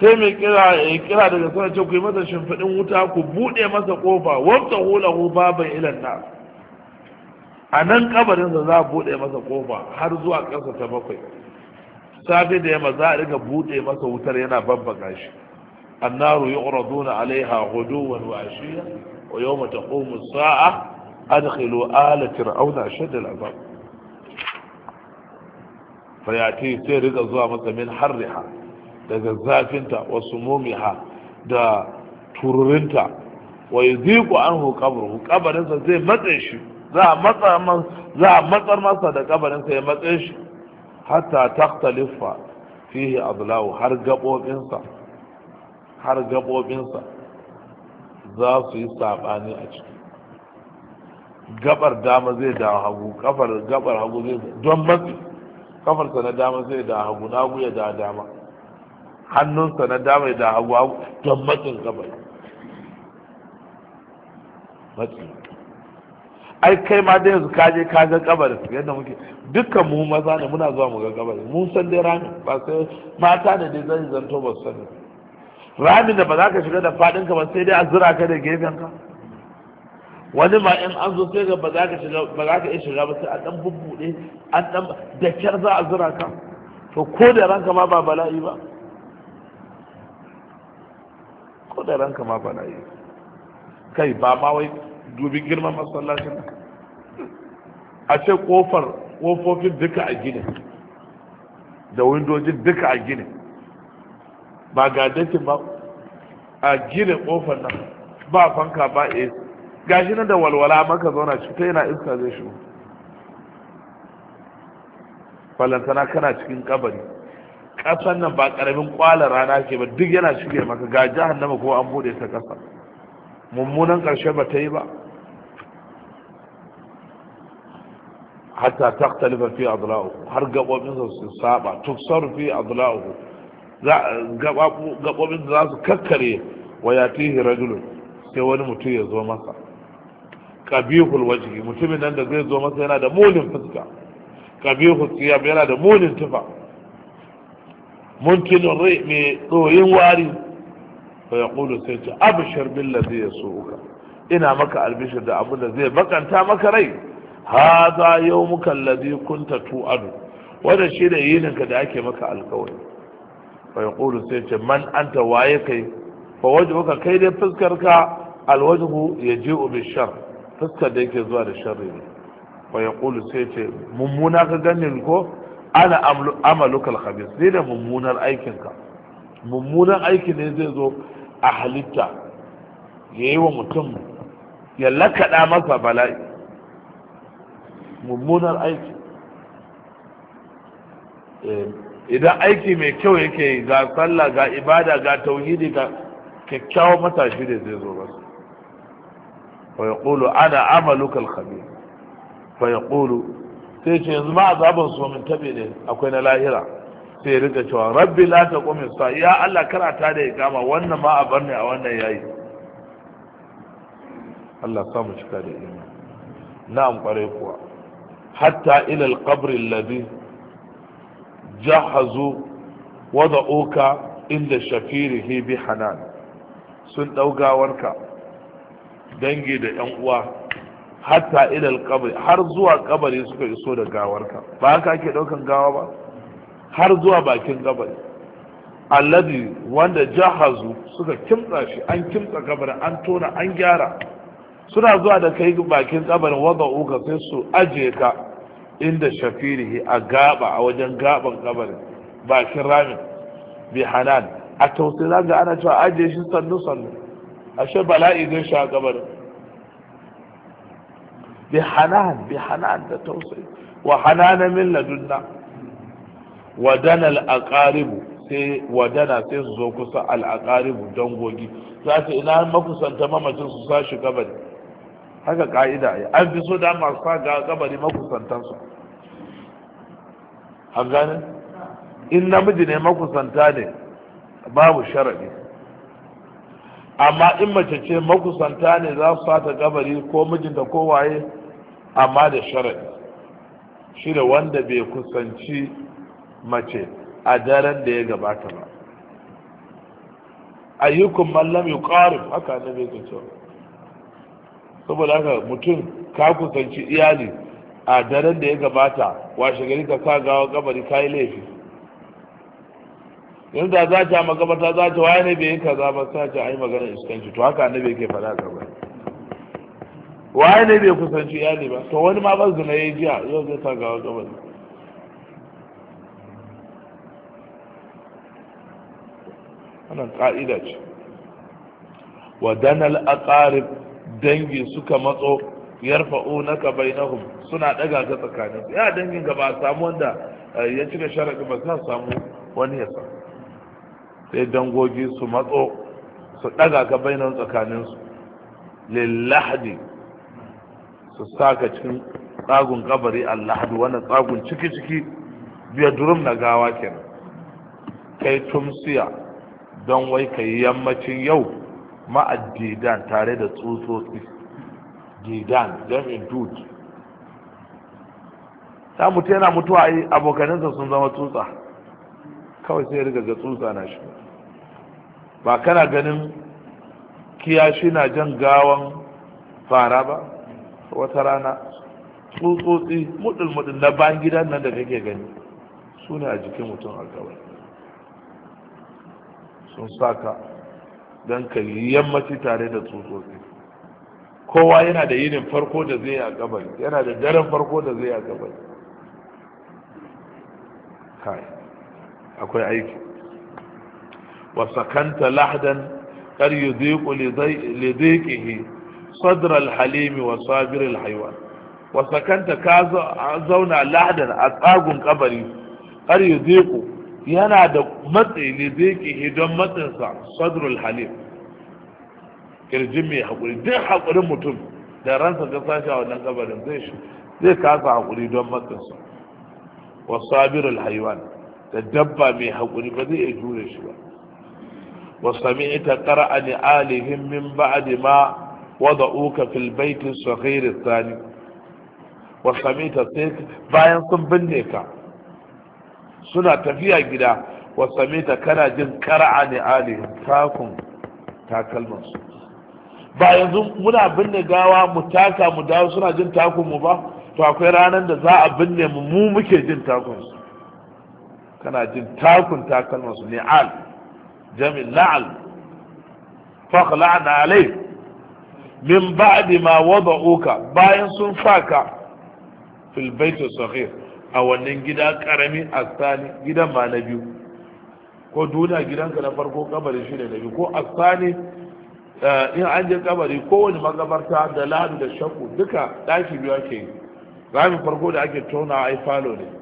sai mai kira kira daga sana ce ku yi masa shimfiɗin wuta ku buɗe masa ƙofa wanda hula hu baban ilan na a nan kabarin za a buɗe masa ƙofa har zuwa ƙasa ta bakwai safe da yamma za a riga bude masa wutar yana babbaka shi annaru yu'raduna alaiha ghuduwan wa ashiya wa yawma taqumu as-sa'a adkhilu ala fir'auna ashadda al-azab fayati sai riga zuwa masa min harriha daga zafinta wa sumumiha da tururinta wa yuziqu anhu qabruhu sa zai matse shi za a matsa masa da kabarinsa ya matse shi hata takhtalifa fihi adlaw har gabobinsa har gabobinsa za su yi sabani a ciki gabar dama zai da hagu kafar gabar hagu zai don matsi kafarsa na dama zai da hagu na hagu ya da dama hannunsa na dama ya da hagu don matsin gabar matsi ai kai ma da yanzu kaje ka ga kabarin yadda muke dukkan mu maza ne muna zuwa mu ga kabarin mun san dai rami ba sai mata ne dai zai zanto ba sani rami da ba za ka shiga da fadin ka ba sai dai a zura ka da gefen ka wani ma in an zo sai ga ba za ka shiga ba za ka iya shiga ba sai a dan bubbude an dan da kyar za a zura ka to ko da ranka ma ba bala'i ba ko da ranka ma bala'i kai ba ma wai dubi girman masallacin a ce kofar kofofin duka a gini da windojin duka a gini ba ga dakin ba a gini kofar nan ba fanka ba a gashi nan da walwala maka zauna shi ta yana iska zai shi falantana kana cikin kabari kasan nan ba karamin kwalar rana ke ba duk yana shige maka ga nama ko an bude ta kasa mummunan karshe ba ta yi ba hatta taktalifa fi adla'u har gaɓoɓin su saba tuksaru fi adla'u gaɓoɓin za su kakkare wa yatihi rajulun sai wani mutum ya zo masa qabihul wajhi mutumin nan da zai zo masa yana da munin fuska qabihul siyab yana da munin tufa munkinun rai mai tsoyin wari fa yaqulu sai ce abshir billazi yasuuka ina maka albishir da abin da zai bakanta maka rai haza yau muka lalazi ta tu'adu wadda shi da yininka da ake maka alkawari bai sai ce man an ta waye kai fa waje muka kai dai fuskar ka alwaje ku ya je ubi shar fuskar da yake zuwa da sharri ne bai sai ce mummuna ka ganin ko ana amalukal khabis ne da mummunar aikinka mummunar aiki ne zai zo a halitta ya yi wa mutum ya lakaɗa masa bala'i mummunar aiki eh, idan aiki mai kyau yake ga sallah ga ibada ga tauhidi ga kyakkyawan matashi ne zai zo masa fa yaqulu ana amaluka kabi. khabir fa yaqulu sai ce yanzu ma azaban su min tabe ne akwai na lahira sai ya rika cewa rabbi la taqum sa ya Allah karata da ikama wannan ma a bar ne a wannan yayi Allah samu cika da iman. na'am kwarai kuwa hatta ilal qabrin ladhi jahazu wada'uka inda shafirihi bi hanan sun ɗaugawarka dangi da yan uwa hatta ilal qabri har zuwa kabari suka iso da gawarka ba ka ke ɗaukan gawa ba har zuwa bakin kabari alladi wanda jahazu suka kimtsa shi an kimtsa kabari an tona an gyara suna zuwa da kai bakin kabarin uka sai su aje ka inda shafirihi a gaba a wajen gaban kabarin bakin ramin bi hanan a tausila ga ana cewa ajiye shi sannu sannu ashe bala'i zai sha kabarin bi hanan bi hanan da tausayi wa hanana min ladunna wadana al-aqaribu sai wadana sai su zo kusa al-aqaribu dangogi za su ina makusanta mamacin su sashi kabarin. haka ka'ida ya an fi so da masu sa ga kabari makusantansu an gane in namiji ne makusanta ne babu sharaɗi amma in mace ce makusanta ne za su sata kabari ko mijinta ko waye amma da sharaɗi shi da wanda bai kusanci mace a daren da ya gabata ba ayyukun mallam ƙarin haka ne bai cewa saboda haka mutum ka kusanci iyali a daren da ya gabata washe gari ka sa gawa kabari ka yi laifi yanzu da za ta magabata za ta waye ne bai yi kaza ba sa ta yi maganar iskanci to haka annabi yake ka ba waye ne bai kusanci iyali ba to wani ma ba zina ya jiya yau zai sa gawa kabari wannan ka'ida ce wa danal aqarib dangi suka matso yarfa'u naka bainahum suna daga ga tsakanin ya dangin ga ba samu wanda eh, ya cika sharadi ba za samu wani ya sai dangogi su matso su daga ga bainan tsakanin su lillahdi su saka cikin tsagun kabari allahdu wannan tsagun ciki ciki biya durum na gawa kenan kai tumsiya don wai kai yammacin yau didan tare da tsutsotsi didan jami'in dud ta mutu yana mutuwa a yi abokaninsa sun zama tsutsa kawai sai riga ga tsutsa na shi ba kana ganin kiyashi na jan gawan fara ba wata rana tsutsotsi mudul na bayan gidan nan da kake gani su ne a jikin mutum a gaba sun saka don ka yammaci tare da tsutsotsi kowa yana da yinin farko da zai a kabari yana da daren farko da zai a kabari kai akwai aiki wa kanta lahadan kar yudhiqu le zai sadr al halimi wa sabir al haywan wa ka zauna lahadan a tsagun kabari kar yudhiqu yana da matsi ne zai ke don matsinsa sadrul halif kirjin mai haƙuri duk haƙurin mutum da ransa ta sashi a wannan kabarin zai shi zai kasa haƙuri don matsinsa wa sabirul haiwan da dabba mai haƙuri ba zai iya jure shi ba wa a ni alihim min ba'di ma wada'uka fil baiti saghir thani wa ita sai bayan sun binne ka suna tafiya gida wa samita kana jin kara'a ne alihim takun takalman su ba yanzu muna binne gawa mu taka mu dawo suna jin takun mu ba to akwai ranar da za a binne mu mu muke jin takun su kana jin takun takalman su ne al jami'in la'al fakhla'na alai min ba'di ma wada'uka bayan sun faka fil baiti saghir a wannan gida karami tsani gidan ma na biyu ko duniya gidanka na farko kabari shi ne na biyu ko tsani eh, in an je kabari kowane magabarta da ladu da shaku duka ɗaki biyu ake yi ramin farko da ake tona a falo ne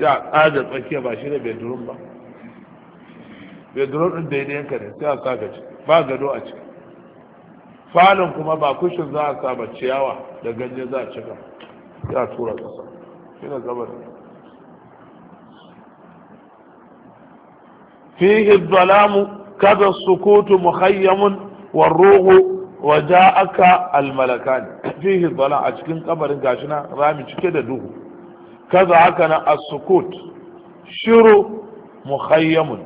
Ya a ƙada tsakiya ba shi ne bedroom ba bedroom ɗin daidai yanka ne sai a sa gaci ba gado a ciki falon kuma ba kushin za a sa ba ciyawa da ganye za a cika sai a tura ƙasa shi ne fihi zalamu kada sukutu muhayyamun ruhu wa ja'aka almalakani fihi zalam a cikin kabarin gashina na rami cike da duhu kaza haka na as-sukut shiru muhayyamun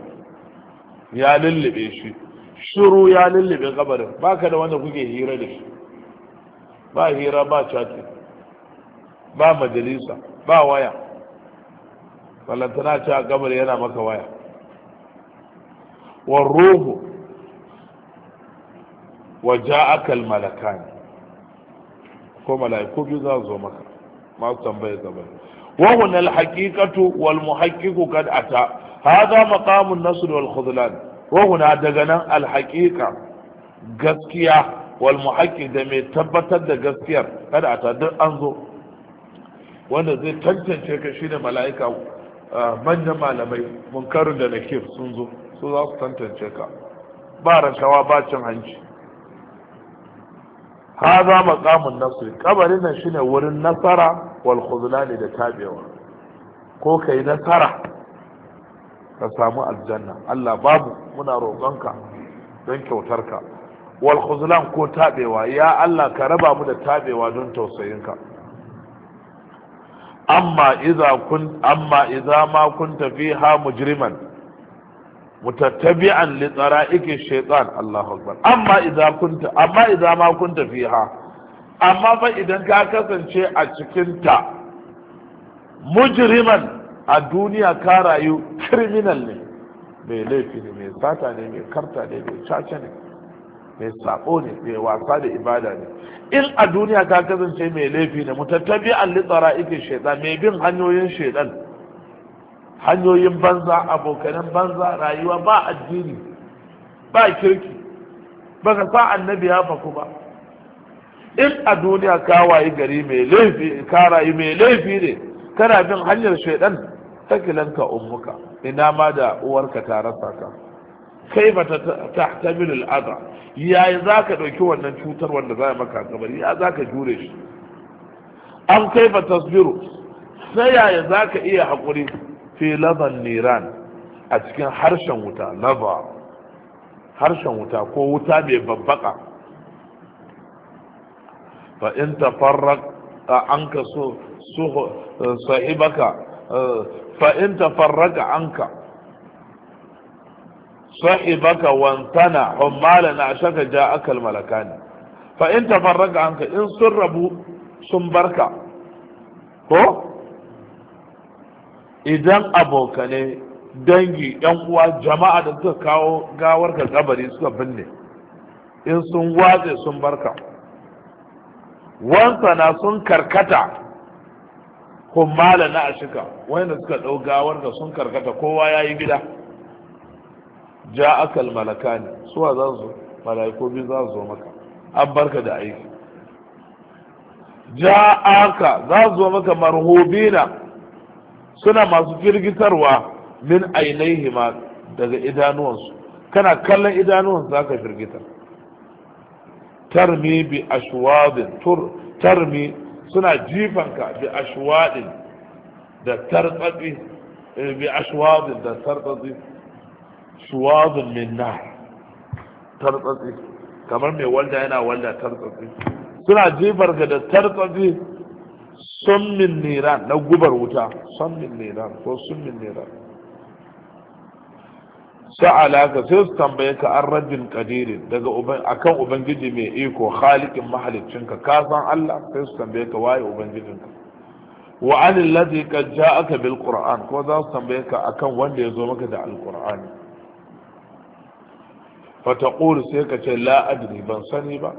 ya lullube shi shiru ya lullube kabarin baka da wanda kuke hira da shi ba hira ba chatting ba majalisa ba waya ballantana ce a gabar yana maka waya wa ruhu wa ja'aka al-malakan ko malaiku biyu za zo maka masu tambaye gaba wa hunal haqiqatu wal muhaqqiqu kad ata hadha maqamun nasr wal khudlan wa huna daga nan al gaskiya wal muhaqqiq da mai tabbatar da gaskiyar kada ata duk an zo wanda zai tantance ka shi shine mala'ika manyan malamai munkarin da nakir sun zo su za su tantance ka ba rashawa ba cin hanci Ha haza maqamun nasri kabarin nan ne wurin nasara wal khuzlani da tabewa ko kai nasara ka samu aljanna Allah babu muna roƙonka don kyautarka wal khuzlan ko tabewa ya Allah ka raba mu da tabewa don tausayinka amma iza kun amma iza ma tafi ha mujriman mutattabi'an li tsara'iki shaytan Allahu akbar amma iza kun amma iza ma tafi ha amma fa idan ka kasance a cikin ta mujriman a duniya ka rayu criminal ne mai laifi ne mai sata ne mai karta ne mai caca ne mai sako ne mai wasa da ibada ne in a duniya ka kasance mai laifi ne mutattabi an litsara ike shaidan mai bin hanyoyin shaidan hanyoyin banza abokanin banza rayuwa ba addini ba kirki ba ka sa annabi ya faku ba in a duniya ka wayi gari mai laifi ka rayu mai laifi ne kana bin hanyar shaidan takilanka ummuka ina ma da uwarka ta rasa ka kai ba ta al'ada yayi za ka ɗauki wannan cutar wanda za maka kabari ya za ka jure shi an kai ba tasbiru sai yaya za ka iya haƙuri fi laban niran a cikin harshen wuta lava harshen wuta ko wuta mai babbaka fa in tafarraq anka eh, sahibaka eh, fa in tafarraqa anka sahibaka wansana hummala na shaka ja akal malakani fa in tafarraka anka in sun rabu sun barka ko idan abokane dangi yan uwa jama'a da suka kawo gawar ka kabari suka binne in sun watse sun barka na sun karkata hummala na shaka wanda suka ɗau gawar ka sun karkata kowa ya yi gida ja ja'aka ne suwa za su malaiko biyu za su zo maka an barka da aiki ja aka za su zo maka marhubina suna masu firgitarwa min ainihi ma daga idanuwansu kana kallon idanuwansu ka firgita tarmi bi ashwadin tur tarmi suna jifanka bi ashwadin da tartsatsi eh, bi ashwadin da tartsatsi suwadun min tartsatsi kamar mai walda yana walda tartsatsi suna jifar ga da tartsatsi sun min niran na gubar wuta sun min niran ko sun min niran sa'ala ka sai su tambaye ka an rajin kadirin daga uban akan ubangiji mai iko khaliqin mahaliccinka ka san Allah sai su tambaye ka waye ubangijinka wa anil ladhi qad ja'aka bil qur'an ko za su tambaye ka akan wanda ya zo maka da alqur'ani fataqulu sai ka ce la ban sani ba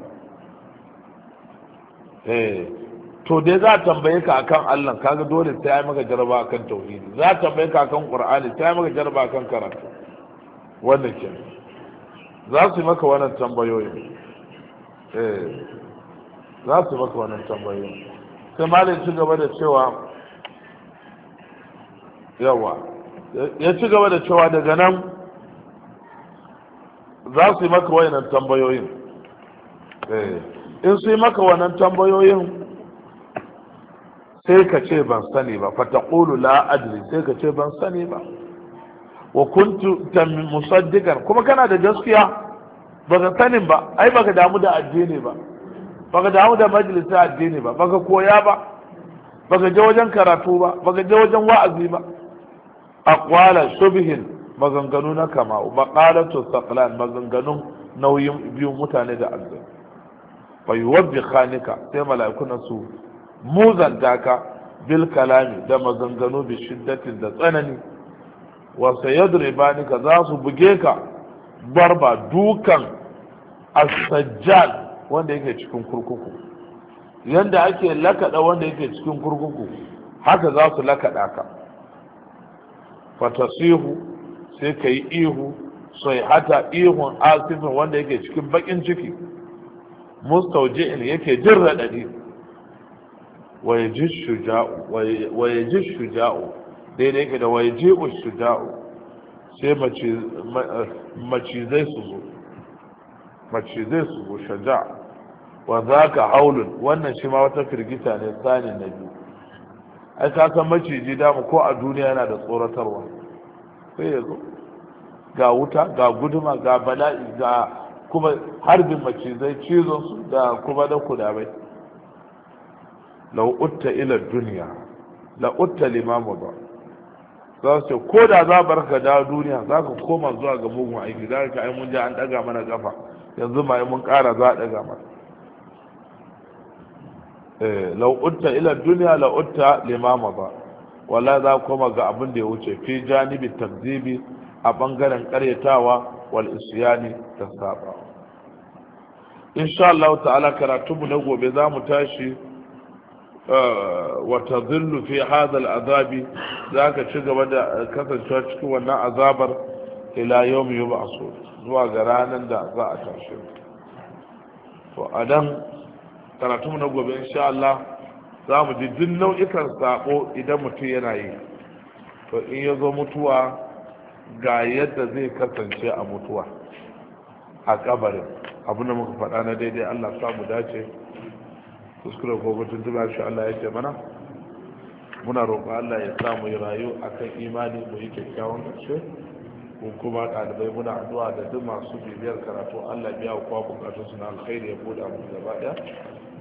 eh to dai za a tambaye ka akan Allah kaga dole sai yi maka jaraba akan tauhidi za a tambaye ka akan Qur'ani sai yi maka jaraba akan karatu wannan ke za su maka wannan tambayoyin eh za su maka wannan tambayoyin sai malin ci gaba da cewa yawa ya ci gaba da cewa daga nan za su yi maka wayannan tambayoyin eh, in su yi maka wannan tambayoyin sai ka ce ban sani ba fataqulu la adri sai ka ce ban sani ba wa kuntu musaddikar kuma kana da gaskiya ba ka sanin ba ai baka damu da addini ba baka damu da majalisa addini ba baka koya ba baka je wajen karatu ba baka je wajen wa'azi ba aqwala subhin maganganu na kama maqalatu saqlan maganganun nauyin biyu mutane da azzan bai wabbi khanika sai na su muzanta ka bil kalami da maganganu bi shiddatin da tsanani wa ka za su buge ka barba dukan asajjal wanda yake cikin kurkuku yanda ake lakada wanda yake cikin kurkuku haka za su lakada ka fatasihu sai ka yi ihu sai hata ihun asifin wanda yake cikin bakin ciki mustauji'in yake jin raɗaɗi wa yaji shuja'u daidai ke da wa yaji shuja'u sai macizai su zo macizai su zo shaja wa za ka haulun wannan shi ma wata firgita ne tsanin na biyu ai ka san maciji damu ko a duniya yana da tsoratarwa sai ya zo ga wuta ga guduma ga bala'i ga kuma harbin macizai cizon su da kuma da kuda bai la'utta ila duniya la'utta limamu ba za su ko da za ka da duniya za ka koma zuwa ga mugun aiki za ka ai mun ja an daga mana gafa yanzu ma mun kara za a daga mana eh, lau ila duniya la'utta limamu ba wala za koma ga abin da ya wuce fi janibi tabzibi a bangaren karyatawa wal isyani da saba insha Allah ta'ala karatu mu na gobe za mu tashi eh, wa tadhillu fi hadha al-azabi zaka ci gaba da kasancewa cikin wannan azabar ila yawmi yub'asu zuwa ga ranan da za a tashi to adan karatu mu na gobe insha Allah za mu ji duk nau'ikan sabo idan mutum yana yi to in ya zo mutuwa ga yadda zai kasance a mutuwa a kabarin abu da muka faɗa na daidai allah samu dace kuskure ko mutum tuba shi allah ya ce mana muna roƙo allah ya samu yi rayu akan imani mu yi kyakkyawan ƙarshe ko kuma ɗalibai muna addu'a da duk masu bibiyar karatu allah biya kwa bukatu suna alkhairi ya buɗe mu gaba ɗaya